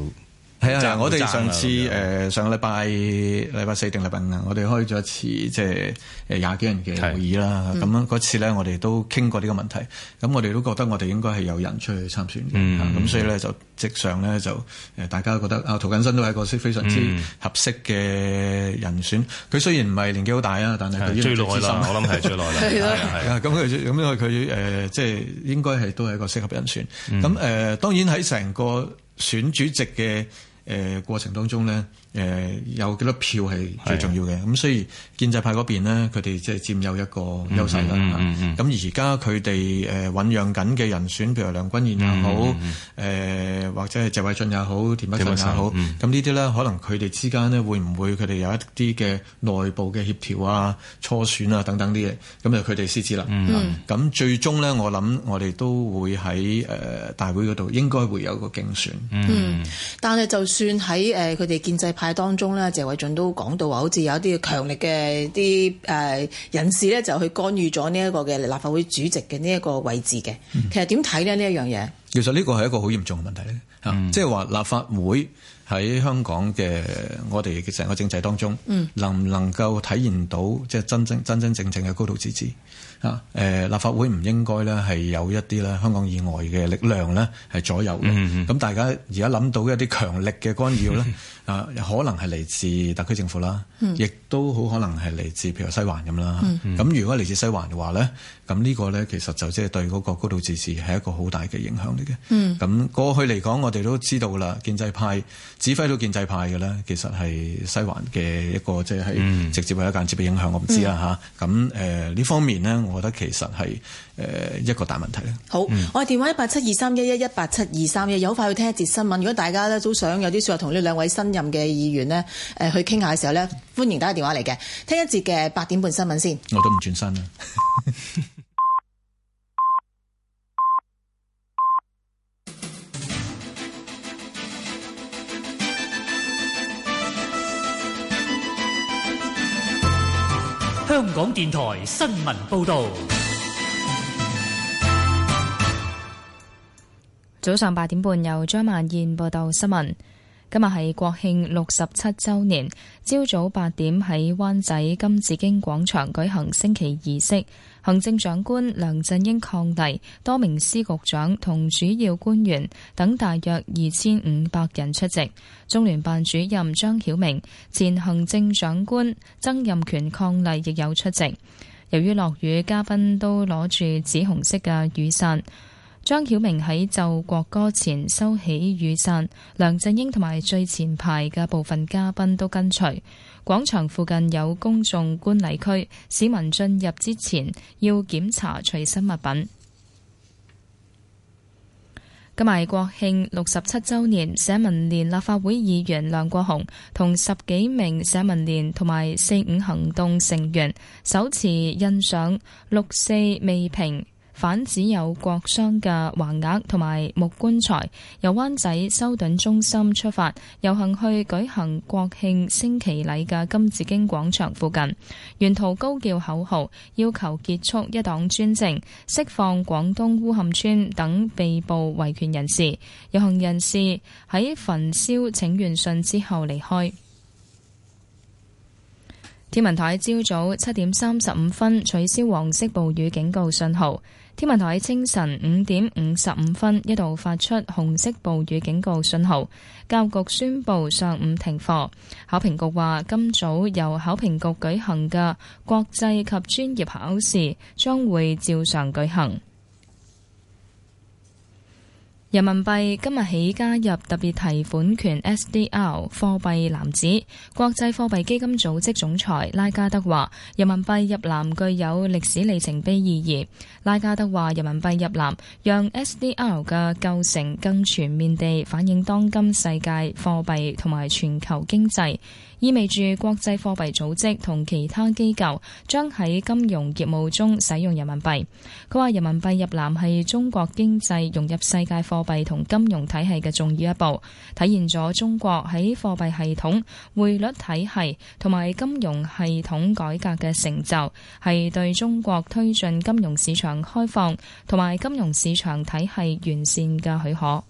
Speaker 5: 係啊！我哋上次誒，上個禮拜
Speaker 8: 禮拜四定禮拜五啊，我哋開咗一次即係誒廿幾人嘅會議啦。咁嗰次咧，我哋都傾過呢個問題。咁我哋都覺得我哋應該係有人出去參選嘅。咁所以咧就直上咧就誒，大家覺得啊，陶錦新都係一個非常之合適嘅人選。佢雖然唔係年紀好大啊，但係佢最耐啦！我諗係最耐啦。咁佢咁因為佢誒即係應該係都係一個適合人選。咁誒，當然喺成個選主席嘅。誒、呃、過程當中咧，誒有幾多票係最重要嘅，咁所以建制派嗰邊咧，佢哋即係佔有一個優勢啦。咁而家佢哋誒醖釀緊嘅人選，譬如梁君彥又好，誒或者係謝偉俊又好、田北辰又好，咁呢啲咧可能佢哋之間咧會唔會佢哋有一啲嘅內部嘅協調啊、初選啊等等啲嘢，咁就佢哋先知啦。咁最終咧，我諗我哋都會喺誒大會嗰度應該會有一個競選。
Speaker 4: 嗯，但係就算喺誒佢哋建制派。當中咧，謝偉俊都講到話，好似有一啲強力嘅啲誒人士咧，就去干預咗呢一個嘅立法會主席嘅呢一個位置嘅。嗯、其實點睇咧呢一樣嘢？
Speaker 8: 其實呢個係一個好嚴重嘅問題咧，吓、嗯，即係話立法會喺香港嘅我哋成個政制當中，嗯、能唔能夠體現到即係真正真真正正嘅高度自治啊？誒、呃，立法會唔應該咧係有一啲咧香港以外嘅力量咧係左右嘅。咁、嗯嗯、大家而家諗到一啲強力嘅干擾咧。 啊，可能係嚟自特區政府啦，嗯、亦都好可能係嚟自譬如西環咁啦。咁、嗯、如果嚟自西環嘅話咧，咁呢個咧其實就即係對嗰個高度自治係一個好大嘅影響嚟嘅。咁、嗯、過去嚟講，我哋都知道啦，建制派指揮到建制派嘅咧，其實係西環嘅一個即係係直接或者間接嘅影響，嗯、我唔知啦嚇。咁誒呢方面咧，我覺得其實係。誒、呃、一個大問題啦！
Speaker 4: 好，嗯、我哋電話一八七二三一一一八七二三一，有快去聽一節新聞。如果大家咧都想有啲説話同呢兩位新任嘅議員呢誒去傾下嘅時候呢，歡迎打個電話嚟嘅。聽一節嘅八點半新聞先。
Speaker 8: 我都唔轉身啦。
Speaker 6: 香港電台新聞報導。早上八點半，由張曼燕報道新聞。今日係國慶六十七週年，朝早八點喺灣仔金紫荊廣場舉行升旗儀式。行政長官梁振英伉儷，多名司局長同主要官員等大約二千五百人出席。中聯辦主任張曉明、前行政長官曾蔭權伉儷亦有出席。由於落雨，嘉賓都攞住紫紅色嘅雨傘。張曉明喺奏國歌前收起雨傘，梁振英同埋最前排嘅部分嘉賓都跟隨，廣場附近有公眾觀禮區，市民進入之前要檢查隨身物品。今日國慶六十七周年，社民連立法會議員梁國雄同十幾名社民連同埋四五行動成員手持印上六四未平，反指有國殤嘅橫額同埋木棺材，由灣仔修頓中心出發遊行去舉行國慶升旗禮嘅金紫荊廣場附近，沿途高叫口號，要求結束一黨專政、釋放廣東烏坎村等被捕維權人士。遊行人士喺焚燒請願信之後離開。天文台朝早七點三十五分取消黃色暴雨警告信號。天文台清晨五點五十五分一度發出紅色暴雨警告信號，教育局宣佈上午停課。考評局話，今早由考評局舉行嘅國際及專業考試將會照常舉行。人民幣今日起加入特別提款權 SDR 貨幣籃子。國際貨幣基金組織總裁拉加德話：人民幣入籃具有歷史里程碑意義。拉加德話：人民幣入籃，讓 SDR 嘅構成更全面地反映當今世界貨幣同埋全球經濟。意味住國際貨幣組織同其他機構將喺金融業務中使用人民幣。佢話：人民幣入籃係中國經濟融入世界貨幣同金融體系嘅重要一步，體現咗中國喺貨幣系統、匯率體系同埋金融系統改革嘅成就，係對中國推進金融市場開放同埋金融市場體系完善嘅許可。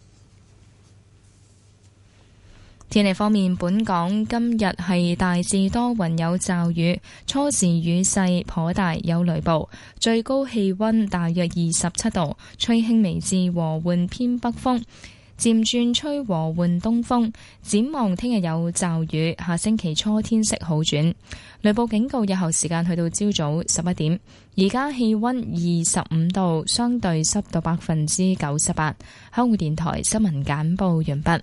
Speaker 6: 天氣方面，本港今日係大致多雲有驟雨，初時雨勢頗大有雷暴，最高氣溫大約二十七度，吹輕微至和緩偏北風，漸轉吹和緩東風。展望聽日有驟雨，下星期初天色好轉，雷暴警告，日後時間去到朝早十一點。而家氣溫二十五度，相對濕度百分之九十八。香港電台新聞簡報完畢。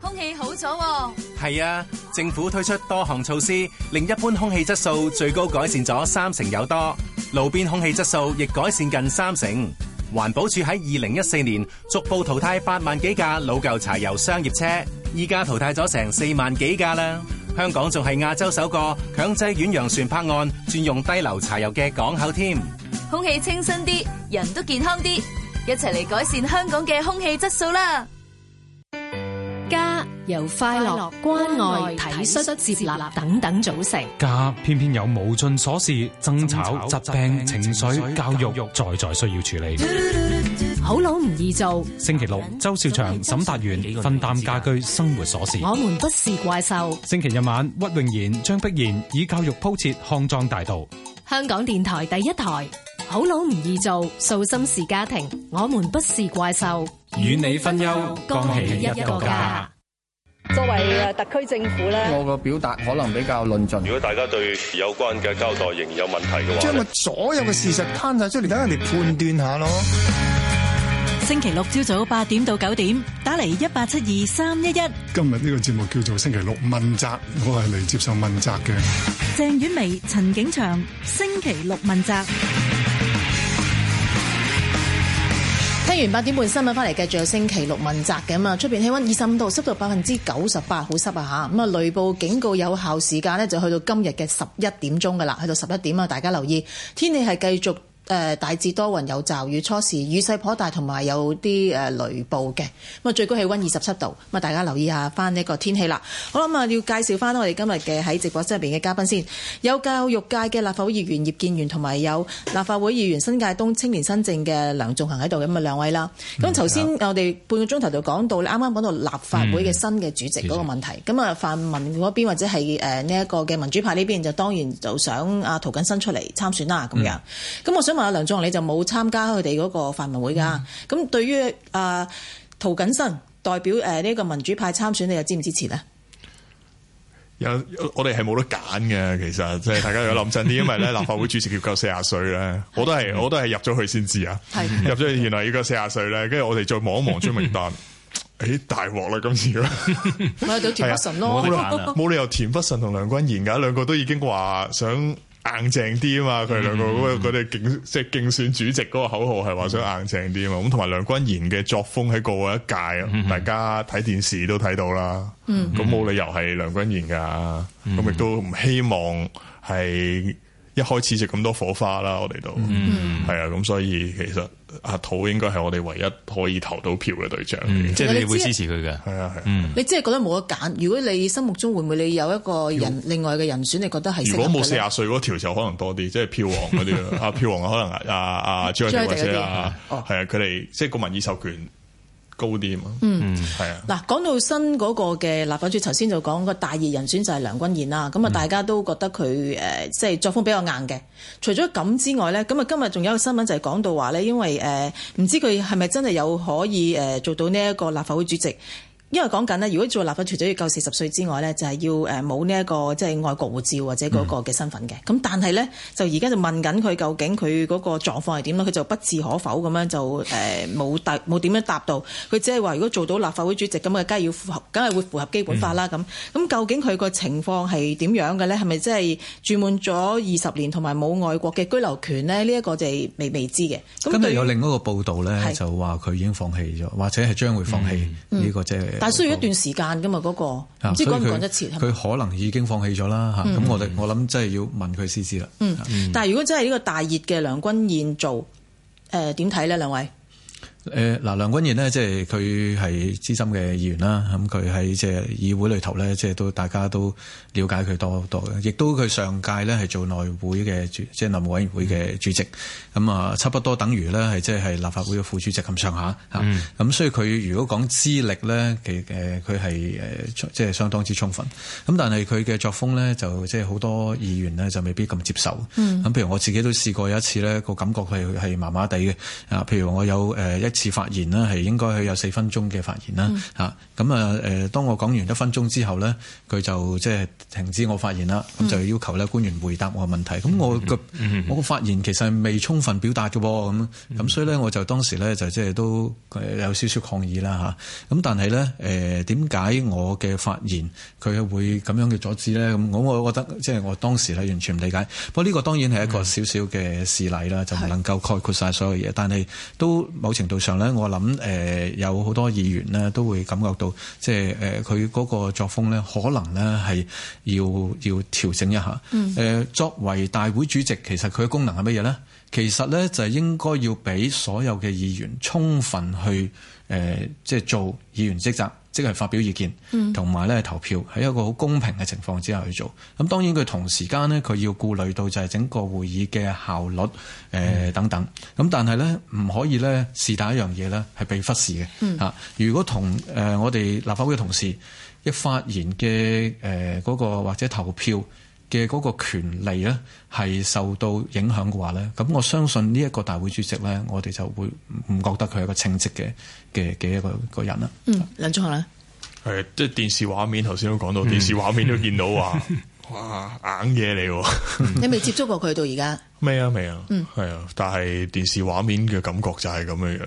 Speaker 6: 空氣好咗，
Speaker 5: 係啊！政府推出多項措施，令一般空氣質素最高改善咗三成有多，路邊空氣質素亦改善近三成。環保署喺二零一四年逐步淘汰八萬幾架老舊柴油商業車，依家淘汰咗成四萬幾架啦。香港仲係亞洲首個強制遠洋船泊岸轉用低硫柴油嘅港口添。
Speaker 6: 空氣清新啲，人都健康啲，一齊嚟改善香港嘅空氣質素啦！
Speaker 5: 家由快
Speaker 3: 樂，關
Speaker 6: 愛，
Speaker 3: 與你分憂，恭喜一個家。
Speaker 7: 作為誒特區政府咧，
Speaker 3: 我個表達可能比較論盡。如果大家
Speaker 5: 對有關嘅交代仍然有問題嘅話，將咪
Speaker 7: 所有嘅事實攤晒出嚟，嗯、等人哋判斷下咯。
Speaker 4: 星期六朝早八點到九點，打嚟一八七二
Speaker 7: 三一一。今日呢個節目叫做星期六問責，我係嚟接受問責嘅。
Speaker 4: 鄭婉薇、陳景祥，星期六問責。完八點半新聞翻嚟，繼續星期六問責嘅嘛，出邊氣温二十五度，濕度百分之九十八，好濕啊吓，咁啊雷暴警告有效時間咧就去到今日嘅十一點鐘噶啦，去到十一點啊，大家留意天氣係繼續。誒大致多雲有驟雨，初時雨勢頗大，同埋有啲誒雷暴嘅。咁啊，最高氣溫二十七度。咁啊，大家留意下翻呢個天氣啦。好啦，要介紹翻我哋今日嘅喺直播室入邊嘅嘉賓先。有教育界嘅立法會議員葉建源，同埋有立法會議員新界東青年新政嘅梁頌恆喺度。咁啊，兩位啦。咁頭先我哋半個鐘頭就講到，啱啱講到立法會嘅新嘅主席嗰個問題。咁啊、嗯，嗯、泛民嗰邊或者係誒呢一個嘅民主派呢邊就當然就想阿涂謹申出嚟參選啦。咁樣。咁、嗯、我想問啊，梁頌恆，你就冇參加佢哋嗰個泛民會噶？咁、嗯、對於阿、呃、涂謹申代表誒呢、呃這個民主派參選，你又支唔支持咧？
Speaker 7: 有我哋係冇得揀嘅，其實即係大家要諗真啲，因為咧立法會主席要夠四啊歲咧，我都係我都係入咗去先知啊。係的入咗去，原來要夠四啊歲咧，跟住我哋再望一望張名單，誒大鑊啦今次啦，
Speaker 2: 咪就田北辰咯，冇
Speaker 7: 理由田北辰同梁君彥噶兩個都已經話想。硬正啲啊嘛，佢哋兩個嗰哋競即係競選主席嗰個口號係話想硬正啲啊嘛，咁同埋梁君彥嘅作風喺過往一屆啊，mm hmm. 大家睇電視都睇到啦，咁冇、mm hmm. 理由係梁君彥噶，咁亦、mm hmm. 都唔希望係。一開始就咁多火花啦，我哋都係啊，咁所以其實阿土應該係我哋唯一可以投到票嘅對象，即係你會支持佢嘅？係啊係
Speaker 4: 啊。你真係覺得冇得揀？如果你心目中會唔會你有一個人另外嘅人選？你覺得係？如果冇四十
Speaker 7: 歲嗰條就可能多啲，即係票王嗰啲啊，票王可能啊啊朱凱廸或者啊，係啊，佢哋即係個民意授權。高啲嘛？
Speaker 4: 嗯，係啊。嗱，講到新嗰個嘅立法主席，頭先就講個大熱人選就係梁君彥啦。咁啊、嗯，大家都覺得佢誒即係作風比較硬嘅。除咗咁之外咧，咁啊今日仲有一個新聞就係講到話咧，因為誒唔知佢係咪真係有可以誒做到呢一個立法會主席？因為講緊呢，如果做立法，除咗要夠四十歲之外呢，就係、是、要誒冇呢一個即係外國護照或者嗰個嘅身份嘅。咁、嗯、但係呢，就而家就問緊佢究竟佢嗰個狀況係點呢？佢就不置可否咁、呃、樣就誒冇冇點樣答到。佢只係話如果做到立法會主席咁嘅，梗係要符合，梗係會符合基本法啦。咁咁、嗯啊、究竟佢個情況係點樣嘅呢？係咪即係住滿咗二十年同埋冇外國嘅居留權呢？呢、這、一個就未未知嘅。今日有
Speaker 8: 另一個報導呢，就話佢已經放棄咗，或者係將會放棄呢、這個、嗯嗯、即係。但需
Speaker 4: 要一段時間㗎嘛，嗰、嗯那個唔、嗯、知講唔講得切。佢
Speaker 8: 嗎可能已經放棄咗啦，嚇、嗯！咁我哋我諗真係要問佢試試啦。嗯，嗯
Speaker 4: 但係如果真係呢個大熱嘅梁君彥做，誒點睇咧，兩位？
Speaker 8: 誒嗱、呃，梁君彥呢，即係佢係資深嘅議員啦，咁佢喺即係議會裏頭咧，即係都大家都了解佢多多嘅，亦都佢上屆咧係做內會嘅主，即係內務委員會嘅主席，咁啊、嗯，差不多等於咧係即係立法會嘅副主席咁上下嚇。咁、嗯嗯、所以佢如果講資歷咧，其誒佢係誒即係相當之充分。咁但係佢嘅作風咧，就即係好多議員咧就未必咁接受。咁、嗯、譬如我自己都試過有一次咧，個感覺係係麻麻地嘅啊。譬如我有誒一。次發言啦，係應該佢有四分鐘嘅發言啦，吓、嗯，咁啊誒當我講完一分鐘之後咧，佢就即係停止我發言啦，咁、嗯、就要求咧官員回答我嘅問題，咁我個、嗯、我個發言其實係未充分表達嘅噃，咁咁所以咧，我就當時咧就即係都有少少抗議啦吓，咁、啊、但係咧誒點解我嘅發言佢係會咁樣嘅阻止咧？咁我我覺得即係、就是、我當時咧完全唔理解。不過呢個當然係一個少少嘅事例啦，嗯、就唔能夠概括晒所有嘢，是但係都某程度。常咧，我諗誒、呃、有好多議員咧都會感覺到，即係誒佢嗰個作風咧，可能咧係要要調整一下。誒、呃、作為大會主席，其實佢嘅功能係乜嘢咧？其實咧就應該要俾所有嘅議員充分去誒、呃，即係做議員職責。即係發表意見，同埋咧投票，喺一個好公平嘅情況之下去做。咁當然佢同時間咧，佢要顧慮到就係整個會議嘅效率，誒、呃嗯、等等。咁但係咧，唔可以咧是但一樣嘢咧係被忽視嘅嚇、啊。如果同誒、呃、我哋立法會嘅同事一發言嘅誒嗰個或者投票，嘅嗰個權利咧，係受到影響嘅話咧，咁我相信呢一個大會主席咧，我哋就會唔覺得佢係一個稱職嘅嘅嘅一個
Speaker 7: 個人啦。嗯，
Speaker 4: 兩張圖咧，
Speaker 7: 係即係電視畫面，頭先都講到電視畫面都見到話，嗯、哇 硬嘢嚟
Speaker 4: 喎！你未接觸過佢到而家
Speaker 7: 未啊？未啊？嗯，係啊！但係電視畫面嘅感覺就係咁樣樣，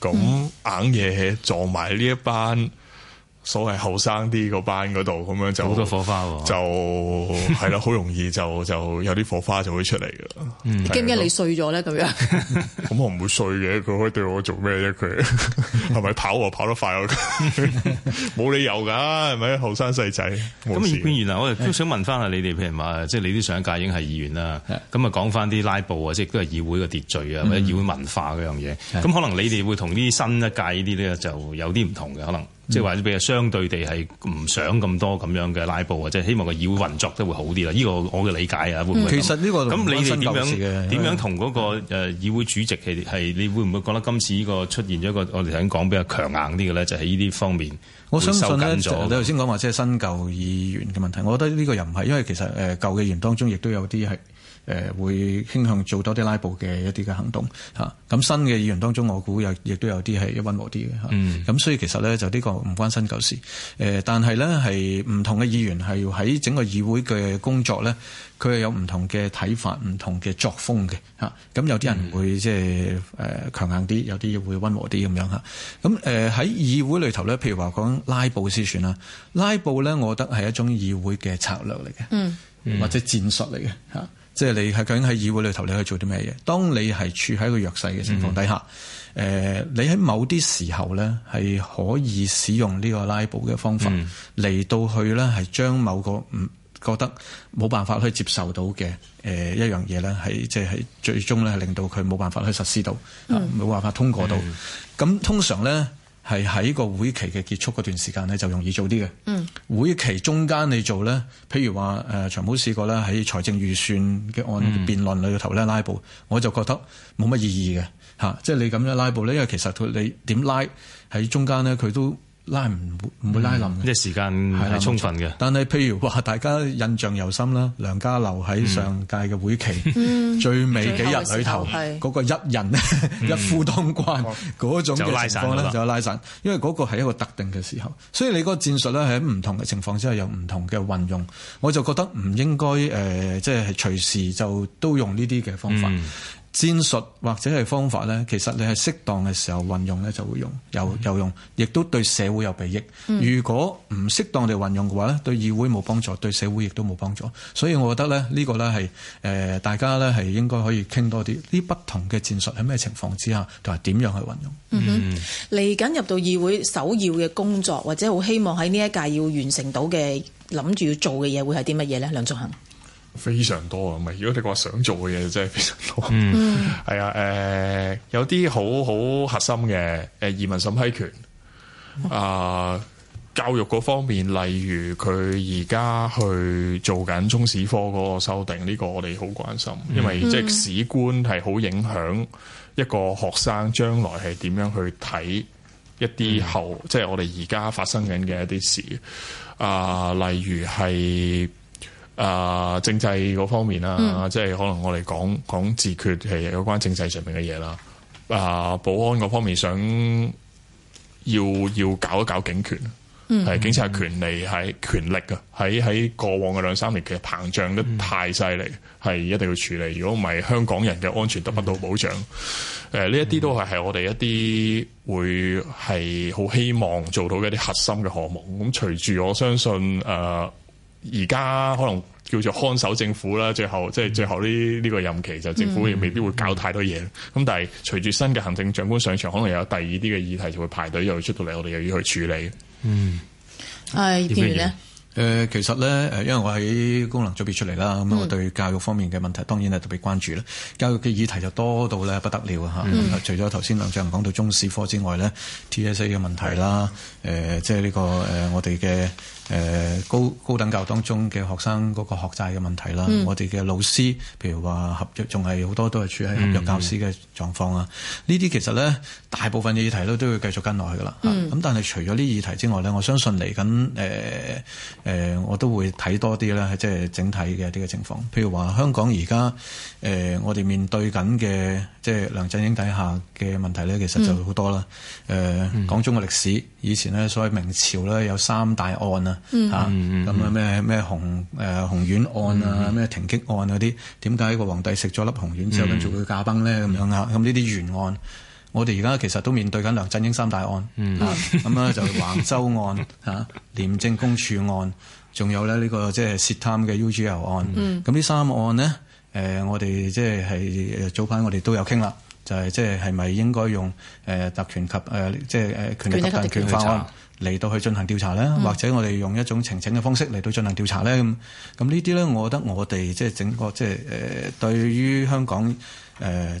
Speaker 7: 咁硬嘢撞埋呢一班，所謂後生啲個班嗰度咁樣就好多火花喎、啊就，就係咯，好容易就就有啲火花就會出嚟噶。驚唔驚你
Speaker 4: 碎咗咧？咁 樣，
Speaker 7: 咁我唔會碎嘅，佢可以對我做咩啫？佢係咪跑啊？ 跑得快啊？冇 理由噶，係咪後生細仔？咁、欸、議
Speaker 5: 員啊，我都想問翻下你哋，譬如話即係你啲上一屆已經係議員啦，咁啊講翻啲拉布啊，即係都係議會嘅秩序啊，或者議會文化嗰樣嘢，咁、嗯、可能你哋會同啲新一屆呢啲咧就有啲唔同嘅可能。即係者比較相對地係唔想咁多咁樣嘅拉布或者希望個議會運作得會好啲啦。呢個我嘅理解啊，會唔會咁？咁、嗯、你哋點樣點樣同嗰個誒議會主席係係？的你會唔會覺得今次呢個出現咗一個我哋想講比較強硬啲嘅咧？就係呢啲方面會受壓咗。你頭
Speaker 8: 先講話即係新舊議員嘅問題，我覺得呢個又唔係，因為其實誒舊嘅議員當中亦都有啲係。誒會傾向做多啲拉布嘅一啲嘅行動嚇，咁、啊、新嘅議員當中，我估有亦都有啲係一溫和啲嘅嚇。咁、啊嗯啊、所以其實咧就呢個唔關新舊事誒、啊，但係咧係唔同嘅議員係喺整個議會嘅工作咧，佢係有唔同嘅睇法、唔同嘅作風嘅嚇。咁、啊、有啲人會即係誒強硬啲，有啲會溫和啲咁樣嚇。咁誒喺議會裏頭咧，譬如話講拉布先算啦，拉布咧，我覺得係一種議會嘅策略嚟嘅，嗯、或者戰術嚟嘅嚇。即係你係究竟喺議會裏頭，你可以做啲咩嘢？當你係處喺一個弱勢嘅情況底下，誒、嗯呃，你喺某啲時候咧，係可以使用呢個拉布嘅方法嚟、嗯、到去咧，係將某個唔覺得冇辦法可以接受到嘅誒、呃、一樣嘢咧，係即係最終咧係令到佢冇辦法去實施到，冇、嗯、辦法通過到。咁、嗯、通常咧。係喺個會期嘅結束嗰段時間咧，就容易做啲嘅。嗯，會期中間你做咧，譬如話誒，長普試過啦，喺財政預算嘅案嘅辯論裏頭咧、嗯、拉布，我就覺得冇乜意義嘅嚇、啊。即係你咁樣拉布咧，因為其實佢你點拉喺中間咧，佢都，拉唔唔會拉冧嘅、嗯，即係時間係充分嘅。但係譬如話，大家印象尤深啦，梁家騮喺上屆嘅會期、嗯、最尾幾，幾日裏頭，嗰個一人、嗯、一夫當關嗰、嗯、種嘅情況咧，就拉，就拉散。因為嗰個係一個特定嘅時候，所以你嗰個戰術咧喺唔同嘅情況之下有唔同嘅運用。我就覺得唔應該誒、呃，即係隨時就都用呢啲嘅方法。嗯戰術或者係方法呢，其實你係適當嘅時候運用呢，就會用，有有、嗯、用，亦都對社會有裨益。如果唔適當地運用嘅話呢，對議會冇幫助，對社會亦都冇幫助。所以，我覺得咧，呢個呢係誒大家呢係應該可以傾多啲。呢，不同嘅戰術喺咩情況之下，同埋點樣去運用？
Speaker 4: 嚟緊、嗯、入到議會首要嘅工作，或者好希望喺呢一屆要完成到嘅諗住要做嘅嘢，會係啲乜嘢呢？梁頌恆。
Speaker 7: 非常多啊，唔係，如果你話想做嘅嘢，真係非常多。嗯、mm，係、hmm. 啊，誒、呃，有啲好好核心嘅，誒、呃，移民審批權啊、呃，教育嗰方面，例如佢而家去做緊中史科嗰個修訂，呢、這個我哋好關心，因為即係史觀係好影響一個學生將來係點樣去睇一啲後，mm hmm. 即係我哋而家發生緊嘅一啲事啊、呃，例如係。啊、呃，政制嗰方面啦，嗯、即係可能我哋講講自決係有關政制上面嘅嘢啦。啊、呃，保安嗰方面想要要搞一搞警權，係、嗯、警察權利係權力噶，喺喺過往嘅兩三年其實膨脹得太犀利，係、嗯、一定要處理。如果唔係，香港人嘅安全得不到保障。誒、呃，呢一啲都係係我哋一啲會係好希望做到嘅一啲核心嘅項目。咁隨住我相信誒。呃而家可能叫做看守政府啦，最後即係最後呢呢個任期就政府亦未必會搞太多嘢。咁、嗯、但係隨住新嘅行政長官上場，可能又有第二啲嘅議題就會排隊又出到嚟，我哋又要去處理。
Speaker 2: 嗯，
Speaker 4: 係葉先生。
Speaker 8: 誒，其實咧誒，因為我喺功能組別出嚟啦，咁、嗯、我對教育方面嘅問題當然係特別關注啦。教育嘅議題就多到咧不得了、嗯、啊！嚇，除咗頭先梁頌恆講到中史科之外咧，TSA 嘅問題啦，誒、嗯，即係呢個誒、呃、我哋嘅。誒、呃、高高等教育當中嘅學生嗰個學債嘅問題啦，嗯、我哋嘅老師，譬如話合約仲係好多都係處喺合約教師嘅狀況啊。呢啲、嗯、其實咧，大部分嘅議題都都要繼續跟落去噶啦。咁、嗯、但係除咗呢啲議題之外咧，我相信嚟緊誒誒，我都會睇多啲啦，即係整體嘅啲嘅情況。譬如話香港而家誒，我哋面對緊嘅即係梁振英底下嘅問題咧，其實就好多啦。誒、嗯，講中國歷史。嗯以前咧，所謂明朝咧有三大案、嗯、啊，嚇咁啊咩咩紅誒、呃、紅丸案啊，咩、嗯、梃擊案嗰啲，點解個皇帝食咗粒紅丸之後、嗯、跟住會駕崩咧咁、嗯、樣嚇？咁呢啲原案，我哋而家其實都面對緊梁振英三大案，
Speaker 2: 嚇咁咧就橫
Speaker 8: 洲案、嚇、啊、廉政公署案，仲有咧、這、呢個即係涉貪嘅 UGL 案，咁呢三案呢，誒、呃、我哋即係早排我哋都有傾啦。就係即係係咪應該用誒、呃、特權及誒、呃、即係誒權力及特權法嚟、嗯、到去進行調查咧？或者我哋用一種情情嘅方式嚟到進行調查咧？咁咁呢啲咧，我覺得我哋即係整個即係誒對於香港。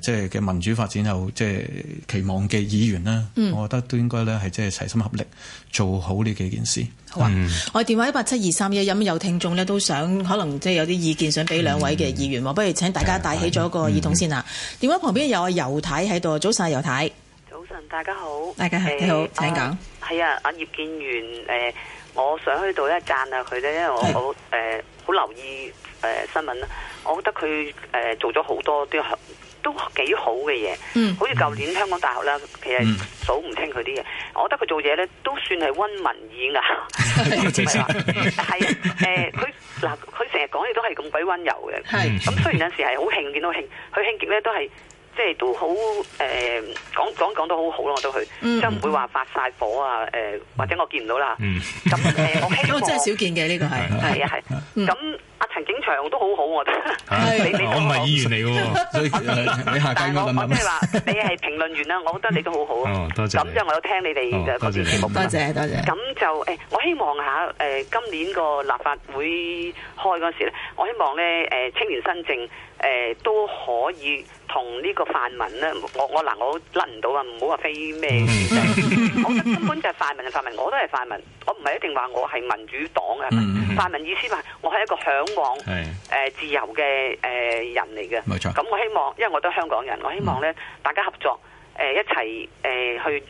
Speaker 8: 誒，即係嘅民主發展有即係期望嘅議員啦，我覺得都應該咧係即係齊心合力做好呢幾件事。
Speaker 4: 好啊，我電話一八七二三一，有有聽眾咧都想可能即係有啲意見想俾兩位嘅議員喎，不如請大家帶起咗個耳筒先啊。電話旁邊有阿遊太喺度，早晨遊
Speaker 9: 太。早晨，大家好。大家好，你好。請講。係啊，阿葉建源誒，我想去度咧贊下佢咧，因為我我誒好留意誒新聞啦，我覺得佢誒做咗好多啲，都幾好嘅嘢，嗯、好似舊年香港大學啦，其實數唔清佢啲嘢。嗯、我覺得佢做嘢咧都算係溫文爾雅，係誒佢嗱佢成日講嘢都係咁鬼溫柔嘅，咁是、嗯、雖然有時係好興，見到興，佢興極咧都係。即係都好誒，講講講都好好咯我都去，即係唔會話發晒火啊！誒，或者我見唔到啦。咁
Speaker 4: 誒，我希望都真係少見嘅呢個係。係啊係。咁
Speaker 9: 阿陳景祥都好好，我
Speaker 5: 覺得，你你我唔係議員嚟嘅，你下低我問
Speaker 9: 問。你係評論員啦，我覺得你都好好。哦。多謝。咁即係我有聽你哋嘅嗰段節目。多謝多謝。咁就誒，我希望下誒，今年個立法會開嗰時咧，我希望咧誒，青年新政誒都可以。同呢個泛民咧，我我嗱，我甩唔到啊！唔好話非咩事 我根本就係泛民嘅泛民，我都係泛民，我唔係一定話我係民主黨嘅。嗯嗯嗯，泛民意思話，我係一個向往誒的、呃、自由嘅誒人嚟嘅，冇錯。咁我希望，因為我都係香港人，我希望咧、嗯、大家合作，誒、呃、一齊誒、呃、去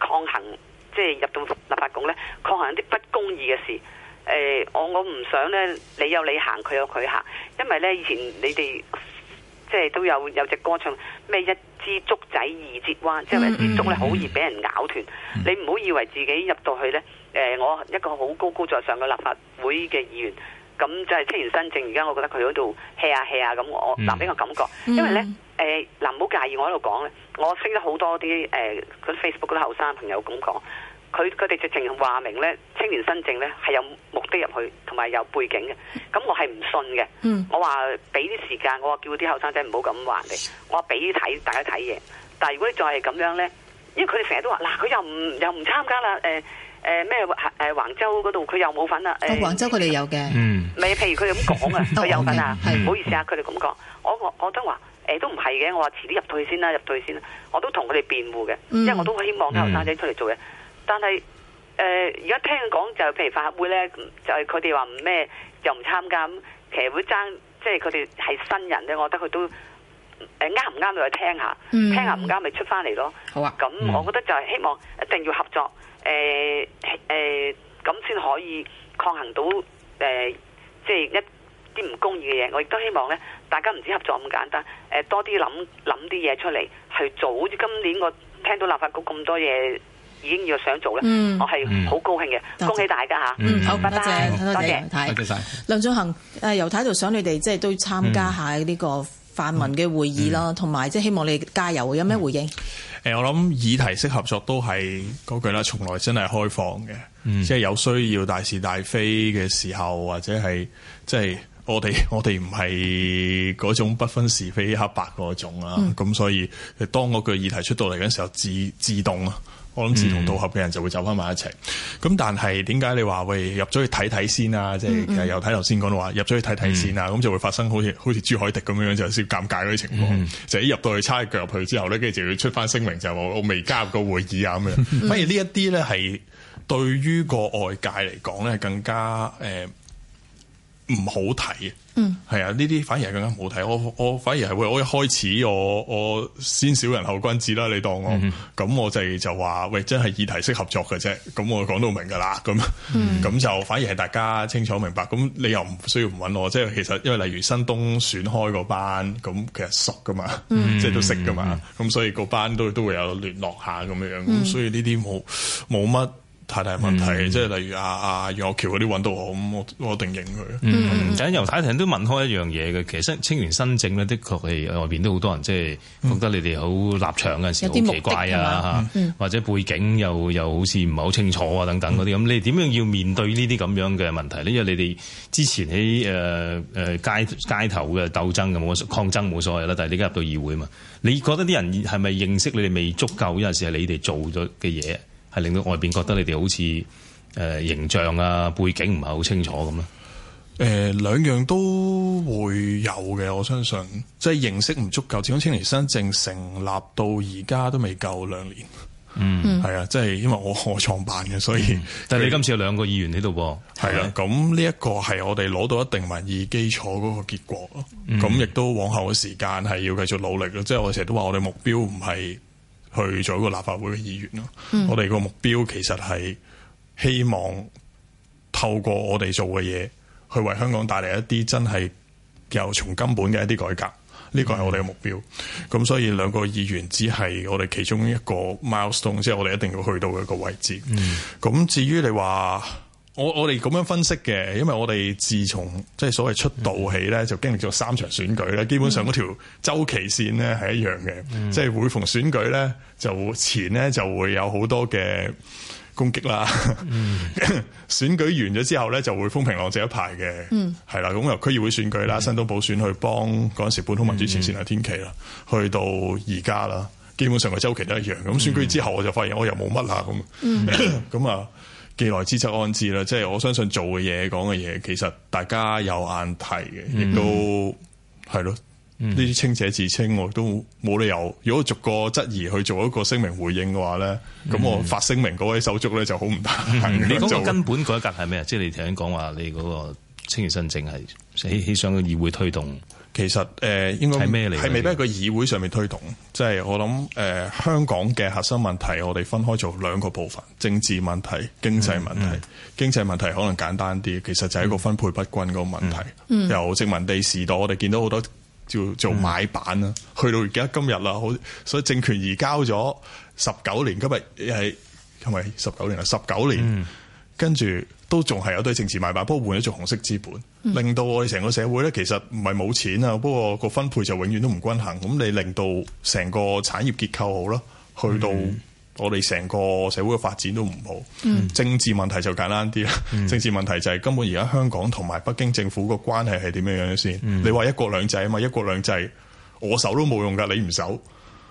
Speaker 9: 抗衡，即係入到立法局咧，抗衡一啲不公義嘅事。誒、呃，我我唔想咧，你有你行，佢有佢行，因為咧以前你哋。即係都有有隻歌唱咩，一支竹仔二節彎，嗯嗯、即係啲竹咧好易俾人咬斷。嗯、你唔好以為自己入到去咧，誒、呃、我一個好高高在上嘅立法會嘅議員，咁就係青年新政，而家我覺得佢嗰度 hea 下 hea 下咁，我留俾、嗯、個感覺。因為咧誒嗱唔好介意我喺度講咧，我識得好多啲誒，佢 Facebook 嗰啲後生朋友咁講。那個佢佢哋直情話明咧，青年新政咧係有目的入去，同埋有背景嘅。咁我係唔信嘅。嗯、我話俾啲時間，我話叫啲後生仔唔好咁話嘅。我話俾睇大家睇嘢。但係如果你再係咁樣咧，因為佢哋成日都話嗱，佢又唔又唔參加啦。誒誒咩誒橫州嗰度佢又冇份啦。到、呃、橫州佢
Speaker 4: 哋有嘅。
Speaker 9: 嗯。譬如佢哋咁講啊，佢有份啊。係。唔好意思啊，佢哋咁講。我我都話誒都唔係嘅。我話遲啲入退先啦，入退先啦。我都同佢哋辯護嘅，即係我都希望啲後生仔出嚟做嘢。但係誒，而、呃、家聽講就譬如法會咧，就係佢哋話唔咩，又唔參加，其實會爭，即係佢哋係新人咧。我覺得佢都誒啱唔啱，就、呃、聽下，聽下唔啱咪出翻嚟咯。好啊、嗯，咁我覺得就係希望一定要合作，誒、呃、誒，咁先、啊、可以抗衡到誒，即、呃、係、就是、一啲唔公義嘅嘢。我亦都希望咧，大家唔止合作咁簡單，誒、呃，多啲諗諗啲嘢出嚟去做，好似今年我聽到立法局咁多嘢。已經要想做咧，我係好高興嘅，恭喜大家嚇！好，多謝，多謝，多謝，
Speaker 4: 梁頌恆，誒，由台度想你哋即係都參加下呢個泛民嘅會議咯，同埋即係希望你哋加油，有咩回應？
Speaker 7: 誒，我諗議題式合作都係嗰句啦，從來真係開放
Speaker 2: 嘅，即
Speaker 7: 係有需要大是大非嘅時候，或者係即係我哋我哋唔係嗰種不分是非黑白嗰種啊，咁所以當嗰句議題出到嚟嘅時候，自自動啊。我諗志同道合嘅人就會走翻埋一齊，咁、嗯、但係點解你話喂入咗去睇睇先啊？即係、嗯就是、又睇頭先講到話入咗去睇睇先啊，咁、嗯、就會發生好似好似朱凱迪咁樣樣，就少、是、尷尬嗰啲情況。嗯、就係入到去叉腳入去之後咧，跟住就要出翻聲明，就我我未加入過會議啊咁、嗯、樣。嗯、反而呢一啲咧係對於個外界嚟講咧更加誒。呃唔好睇，
Speaker 2: 嗯，
Speaker 7: 係啊，呢啲反而係更加好睇。我我反而係喂，我一開始我我先小人後君子啦。你當我咁、嗯、哼我就就話喂，真係議題式合作嘅啫。咁我講到明噶啦，咁咁、嗯、 就反而係大家清楚明白。咁你又唔需要唔揾我，即係其實因為例如新東選開個班，咁其實熟噶嘛，嗯、即係都識噶嘛。咁所以個班都都會有聯絡下咁樣，咁、嗯嗯、所以呢啲冇冇乜。太大問題，即係、嗯、例如阿阿
Speaker 5: 葉學橋嗰啲揾到我，咁我我一定認佢、嗯。嗯，咁、嗯嗯、由太亭都問開一樣嘢嘅，其實青年新政咧，的確係外邊都好多人即係覺得你哋好立場嘅時好奇怪啊，嗯嗯、或者背景又又好似唔係好清楚啊，等等嗰啲。咁、嗯、你點樣要面對呢啲咁樣嘅問題咧？因為你哋之前喺誒誒街街頭嘅鬥爭咁，抗爭冇所謂啦。但係你而家入到議會嘛，你覺得啲人係咪認識你哋未足夠？有陣時係你哋做咗嘅嘢。係令到外邊覺得你哋好似誒、呃、形象啊背景唔係好清楚咁咯？誒、呃、兩
Speaker 7: 樣都會有嘅，我相信即係認識唔足夠。始終青年新政成立到而家都未夠兩年，嗯，係啊，即係因為我我創辦嘅，所以、嗯、但係你今次有兩個議員喺度噃，係啦、啊，咁呢一個係我哋攞到一定民意基礎嗰個結果，咁亦、嗯、都往後嘅時間係要繼續努力咯。即、就、係、是、我成日都話我哋目標唔係。去做一個立法會嘅議員咯，嗯、我哋個目標其實係希望透過我哋做嘅嘢，去為香港帶嚟一啲真係又從根本嘅一啲改革，呢個係我哋嘅目標。咁是所以兩個議員只係我哋其中一個 milestone，即係我哋一定要去到嘅一個位置。咁、嗯、至於你話，我我哋咁樣分析嘅，因為我哋自從即係所謂出道起咧，就經歷咗三場選舉咧，基本上嗰條周期線咧係一樣嘅，嗯、即係每逢選舉咧就前咧就會有好多嘅攻擊啦。 嗯、選舉完咗之後咧就會風平浪靜一排嘅，係啦、嗯。咁由區議會選舉啦、新東補選去幫嗰陣時本土民主前線嘅天琦啦，嗯嗯去到而家啦，基本上個周期都一樣。咁、嗯嗯嗯、選舉之後我就發現我又冇乜啦咁，咁啊、嗯。嗯既來之則安之啦，即係我相信做嘅嘢，講嘅嘢，其實大家有眼睇嘅，亦、嗯、都係咯。呢啲、嗯、清者自清，我都冇理由。如果逐個質疑去做一個聲明回
Speaker 5: 應嘅話咧，咁、
Speaker 7: 嗯、我發聲明嗰位手足咧就好唔得。嗯、你講嘅根
Speaker 5: 本改革係咩啊？ 即係你頭先講話你嗰個青年新政係起起上議會推動。其實誒、呃、應該係咩嚟？係未必係個議會上面推動，即係我諗誒、呃、香港
Speaker 7: 嘅核心問題，我哋分開做兩個部分：政治問題、經濟問題。嗯嗯、經濟問題可能簡單啲，其實就係一個分配不均嗰個問題。嗯嗯、由殖民地時代，我哋見到好多叫做買辦啊。嗯、去到而家今日啦，好所以政權移交咗十九年，今日又係同十九年啦，十九年。嗯嗯跟住都仲係有對政治買賣，不過換咗做紅色資本，令到我哋成個社會咧，其實唔係冇錢啊，不過個分配就永遠都唔均衡。咁你令到成個產業結構好啦。去到我哋成個社會嘅發展都唔好。嗯、政治問題就簡單啲啦，嗯、政治問題就係根本而家香港同埋北京政府個關係係點樣樣先？嗯、你話一國兩制啊嘛，一國兩制我守都冇用㗎，你唔守。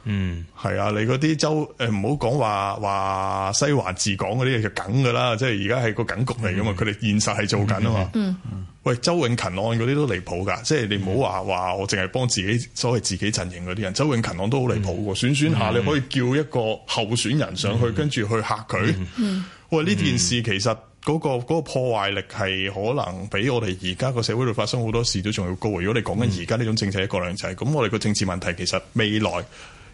Speaker 7: 嗯，係啊，你嗰啲周誒唔好講話，話西華治港嗰啲嘢，就梗噶啦，即係而家係個梗局嚟噶嘛，佢哋、嗯、現實係做緊啊嘛嗯。嗯，喂，周永勤案嗰啲都離譜噶，即係你唔好話，話我淨係幫自己所謂自己陣營嗰啲人，周永勤案都好離譜噶，選、選、嗯、下你可以叫一個候選人上去，嗯、跟住去吓佢。嗯嗯、喂，呢件事其實嗰、嗰個、嗰個破壞力係可能比我哋而家個社會度發生好多事都仲要高，如果你講緊而家呢種政策一國兩制，咁我哋個政，政治問題其實未來，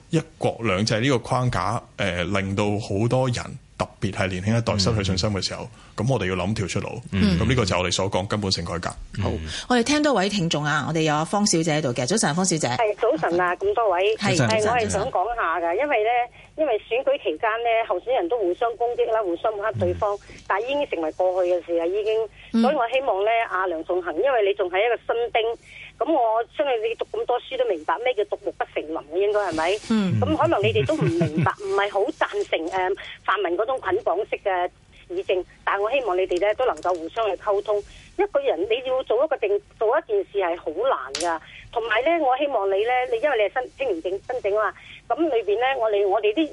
Speaker 7: 一國兩制呢個框架，誒、呃、令到好多人特別係年輕一代失去信心嘅時候，咁、嗯、我哋要諗條出路。咁呢、嗯、個就係我哋所講根本性改革。嗯、好，
Speaker 4: 我哋聽多位聽眾啊，我哋有阿方小姐喺度嘅，早晨，方小姐。係早晨啊，咁多位。早
Speaker 7: 晨安。係，我係想
Speaker 1: 講下噶，因為咧，因為選舉期間咧，候選人都互相攻擊啦，互相抹黑對方，嗯、但已經成為過去嘅事啊，已經。所以我希望咧，阿、啊、梁頌恆，因為你仲係一個新丁。咁我相信你讀咁多書都明白咩叫獨木不成林嘅，應該係咪？嗯，咁 可能你哋都唔明白，唔係好贊成誒泛民嗰種捆綁式嘅議政。但我希望你哋咧都能夠互相去溝通。一個人你要做一個定做一件事係好難噶。同埋咧，我希望你咧，你因為你係新青年政新政啊嘛，咁裏邊咧，我哋我哋啲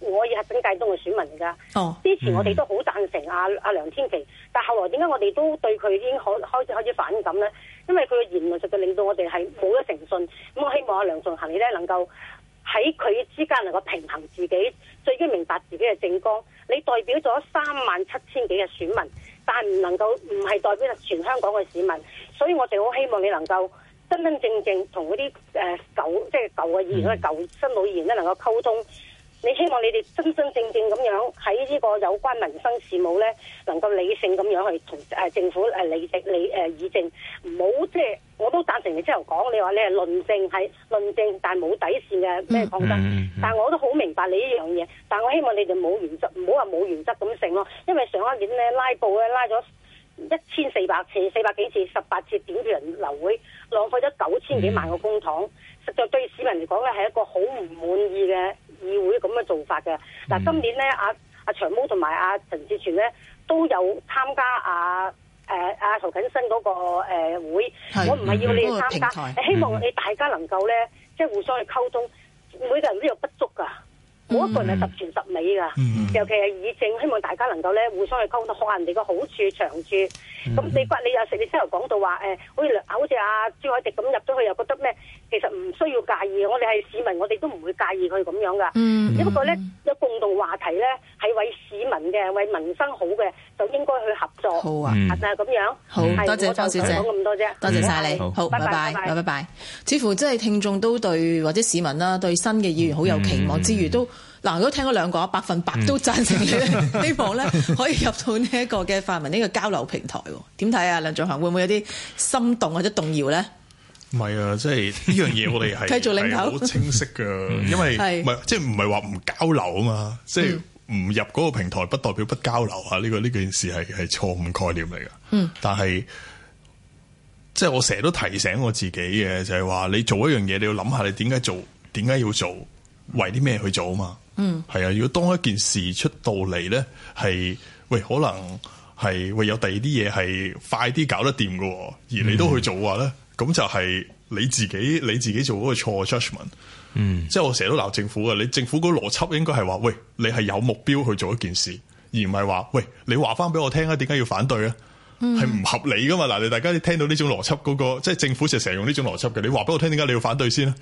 Speaker 1: 我係新界東嘅選民嚟噶。哦，oh. 之前我哋都好贊成阿、啊、阿、啊啊、梁天琦，但後來點解我哋都對佢已經開開始開始反感咧？因為佢嘅言論實在令到我哋係冇咗誠信，咁我希望阿梁頌恆你咧能夠喺佢之間能夠平衡自己，最緊明白自己嘅政綱。你代表咗三萬七千幾嘅選民，但係唔能夠唔係代表全香港嘅市民，所以我哋好希望你能夠真真正正同嗰啲誒舊即係舊嘅議員、舊新老議員咧能夠溝通。你希望你哋真真正正咁樣喺呢個有關民生事務呢，能夠理性咁樣去同政府誒理性理誒議政，唔好、呃、即係我都贊成你之後講，你話你係論證係論證，但係冇底線嘅咩抗爭，但係我都好明白你呢樣嘢，但我希望你哋冇原則，唔好話冇原則咁剩咯，因為上一年呢，拉布呢，拉咗一千四百次、四百幾次、十八次點票人流會，浪費咗九千幾萬個公帑，實在對市民嚟講呢係一個好唔滿意嘅。議會咁嘅做法嘅，嗱，今年咧，阿阿長毛同埋阿陳志全咧都有參加阿誒阿曹瑾生嗰個誒會，我唔係要你參加，希望你大家能夠咧即係互相去溝通，每個人都有不足噶，冇一個人係十全十美噶，尤其係議政，希望大家能夠咧互相去溝通，學人哋嘅好處長處。咁你不你有時你先頭講到話誒，好似好似阿朱凱迪咁入咗去又覺得咩？其實唔需要介意，我哋係市民，我哋都唔會介意佢咁樣噶。只不過咧有共同話題咧，係為市民嘅，為民生好嘅，就應該
Speaker 4: 去合作。好啊，嗱咁樣，好多謝方小姐咁多啫，多謝晒你，好，拜拜，拜拜。似乎即係聽眾都對或者市民啦，對新嘅議員好有期望之餘，都嗱如果聽咗兩個，百分百都贊成你，希望咧可以入到呢一個嘅泛民呢個交流平台。點睇啊？梁頌恆會唔會有啲心動或者動搖咧？
Speaker 7: 唔係啊，即係呢樣嘢，我哋係好清晰噶。因為係即係唔係話唔交流啊嘛，的即係唔入嗰個平台，不代表不交流，嗯、啊。呢個呢件事係係錯誤概念嚟噶。嗯，但係即係我成日都提醒我自己嘅，就係、是、話你做一樣嘢，你要諗下你點解做，點解要做，為啲咩去做啊嘛。嗯，係啊，如果當一件事出到嚟咧，係喂，可能係喂有第二啲嘢係快啲搞得掂噶，而你都去做嘅、嗯、話咧。咁就係你自己你自己做嗰個錯 judgment 嗯，即係我成日都鬧政府嘅，你政府嗰個邏輯應該係話，喂，你係有目標去做一件事，而唔係話，喂，你話翻俾我聽啊，點解要反對咧？
Speaker 2: 係唔、嗯、合
Speaker 7: 理噶嘛？嗱，你大家聽到呢種邏輯嗰個，即係政府就成日用呢種邏輯嘅，你話俾我聽，點解你要反對先咧？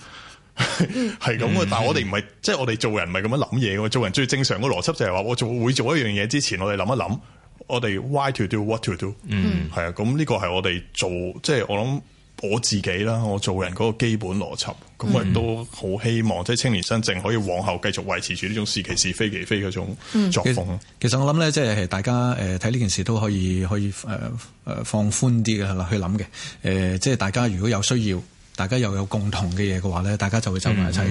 Speaker 7: 係咁啊，但係我哋唔係，嗯、即係我哋做人唔係咁樣諗嘢嘅，做人最正常個邏輯就係話，我做會做一樣嘢之前，我哋諗一諗，我哋 why to do what to do，嗯，係啊，咁呢個係我哋做，即係我諗。我自己啦，我做人嗰個基本邏輯，咁、mm. 我亦都好希望即係青年新政可以往後繼續維持住呢種是其是非其非嗰種、mm. 作風
Speaker 8: 其。其實我諗咧，即係係大家誒睇呢件事都可以可以誒誒放寬啲嘅去諗嘅。誒、呃、即係大家如果有需要。大家又有共同嘅嘢嘅話咧，大家就會走埋一齊。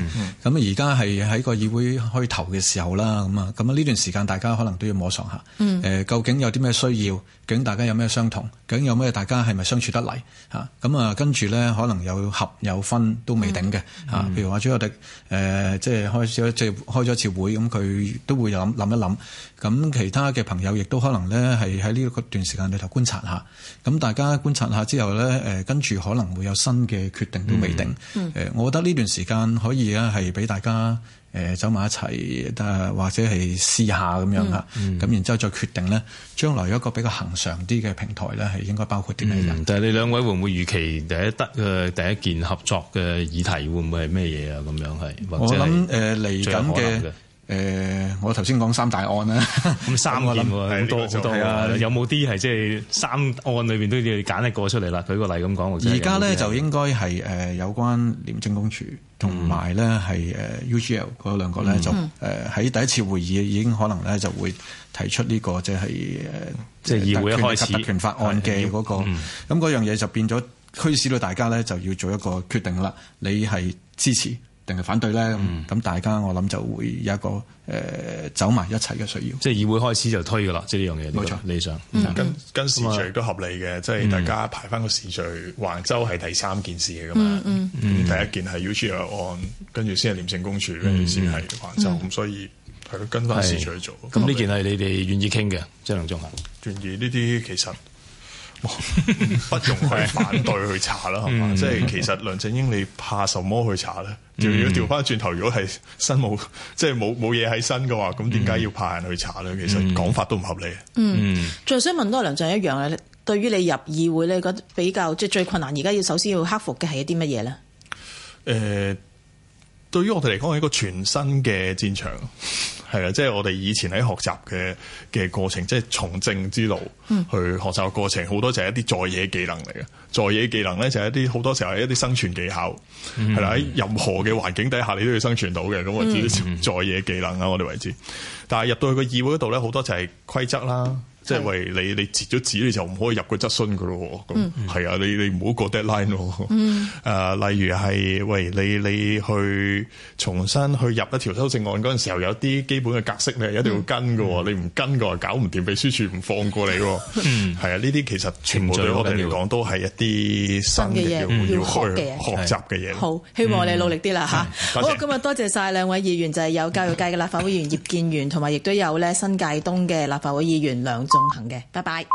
Speaker 8: 咁而家係喺個議會開頭嘅時候啦，咁啊，咁啊呢段時間大家可能都要摸索下，誒、嗯、究竟有啲咩需要，究竟大家有咩相同，究竟有咩大家係咪相處得嚟吓？咁啊，啊跟住咧，可能有合有分都未定嘅嚇。嗯嗯、譬如話朱凱廸誒即係開咗即係開咗一次會，咁佢都會諗諗一諗，咁其他嘅朋友亦都可能咧係喺呢一段時間裏頭觀察下。咁、啊、大家觀察下之後咧，誒、啊、跟住可能會有新嘅決定。都未定，誒、嗯呃，我覺得呢段時間可以啊，係俾大家誒走埋一齊，但或者係試下咁樣嚇，咁、嗯、然之後再決定咧，將來有一個比較恒常啲嘅平台咧，係應該包括啲咩人？
Speaker 5: 但係你兩位會唔會預期第一得誒、呃、第一件合作嘅議題會唔會係咩嘢啊？咁樣係或者係、我諗、呃、最可能嘅。誒、呃，
Speaker 8: 我頭先講三大案啦，咁
Speaker 5: 三個諗好多好多、啊，有冇啲係即係三案裏邊都要揀一個出嚟啦？舉個例咁講，而家咧就
Speaker 8: 應該係誒有關廉政公署同埋咧係誒 UGL 嗰兩個咧就誒喺第一次會議已經可能咧就會提出呢個即係誒即係議會一開始特權法案嘅嗰、嗰個，咁嗰、嗯、樣嘢就變咗驅使到大家咧就要做一個決定啦。你係支持？定係反對咧，咁，大家我諗就會有一個誒走埋一齊嘅需要。
Speaker 5: 即係議會開始就推嘅啦，即係呢樣嘢。冇錯，理想跟跟
Speaker 7: 時序都合理嘅，即係大家排翻個時序，環州係第三件事嚟嘅嘛。嗯嗯，第一件係 UGL 案，跟住先係廉政公署，跟住先係環州，咁所以係咯，跟翻時序去做。咁呢件
Speaker 5: 係你哋願意傾嘅，即係梁頌恆
Speaker 7: 願意呢啲其實。 不用去反
Speaker 5: 對去查啦，係嘛？嗯、即係其實梁振英
Speaker 7: 你怕什麼去查咧、嗯？如果調翻轉頭，如果係身冇，即係冇冇嘢喺身嘅話，咁點解要派人去查咧？其實講法都唔合理。嗯，
Speaker 4: 仲、嗯嗯、想問多梁振英一樣咧，對於你入議會咧，你覺得比較即係、就是、最困難，而家要首先要克服嘅係一啲乜嘢咧？
Speaker 7: 誒、呃，對於我哋嚟講係一個全新嘅戰場。係啊，即係我哋以前喺學習嘅嘅過程，即係從政之路去學習嘅過程，好、嗯、多就係一啲在野技能嚟嘅，在野技能咧就係一啲好多時候係一啲生存技巧，係啦、嗯嗯，喺任何嘅環境底下你都要生存到嘅，咁我指啲在野技能啊，嗯嗯我哋為之。但係入到去個議會嗰度咧，好多就係規則啦。即係為你，你截咗紙你就唔可以入個質詢噶咯。咁係、嗯、啊，你你唔好過 deadline 喎、啊。誒、嗯，例如係餵你，你去重新去入一條修正案嗰陣時候，有啲基本嘅格式你一定要跟噶。嗯、你唔跟嘅話，搞唔掂，秘書處唔放過你、啊。嗯，係啊，呢啲其實全部對我哋嚟講都係一啲新嘅嘢，要學嘅嘢、嗯，學習嘅嘢。好，希望你努力啲啦吓，嗯嗯、好，
Speaker 4: 今日多謝晒兩位議員，就係、是、有教育界嘅立法會議員葉建源，同埋亦都有咧新界東嘅立法會議員梁。同行嘅，拜拜。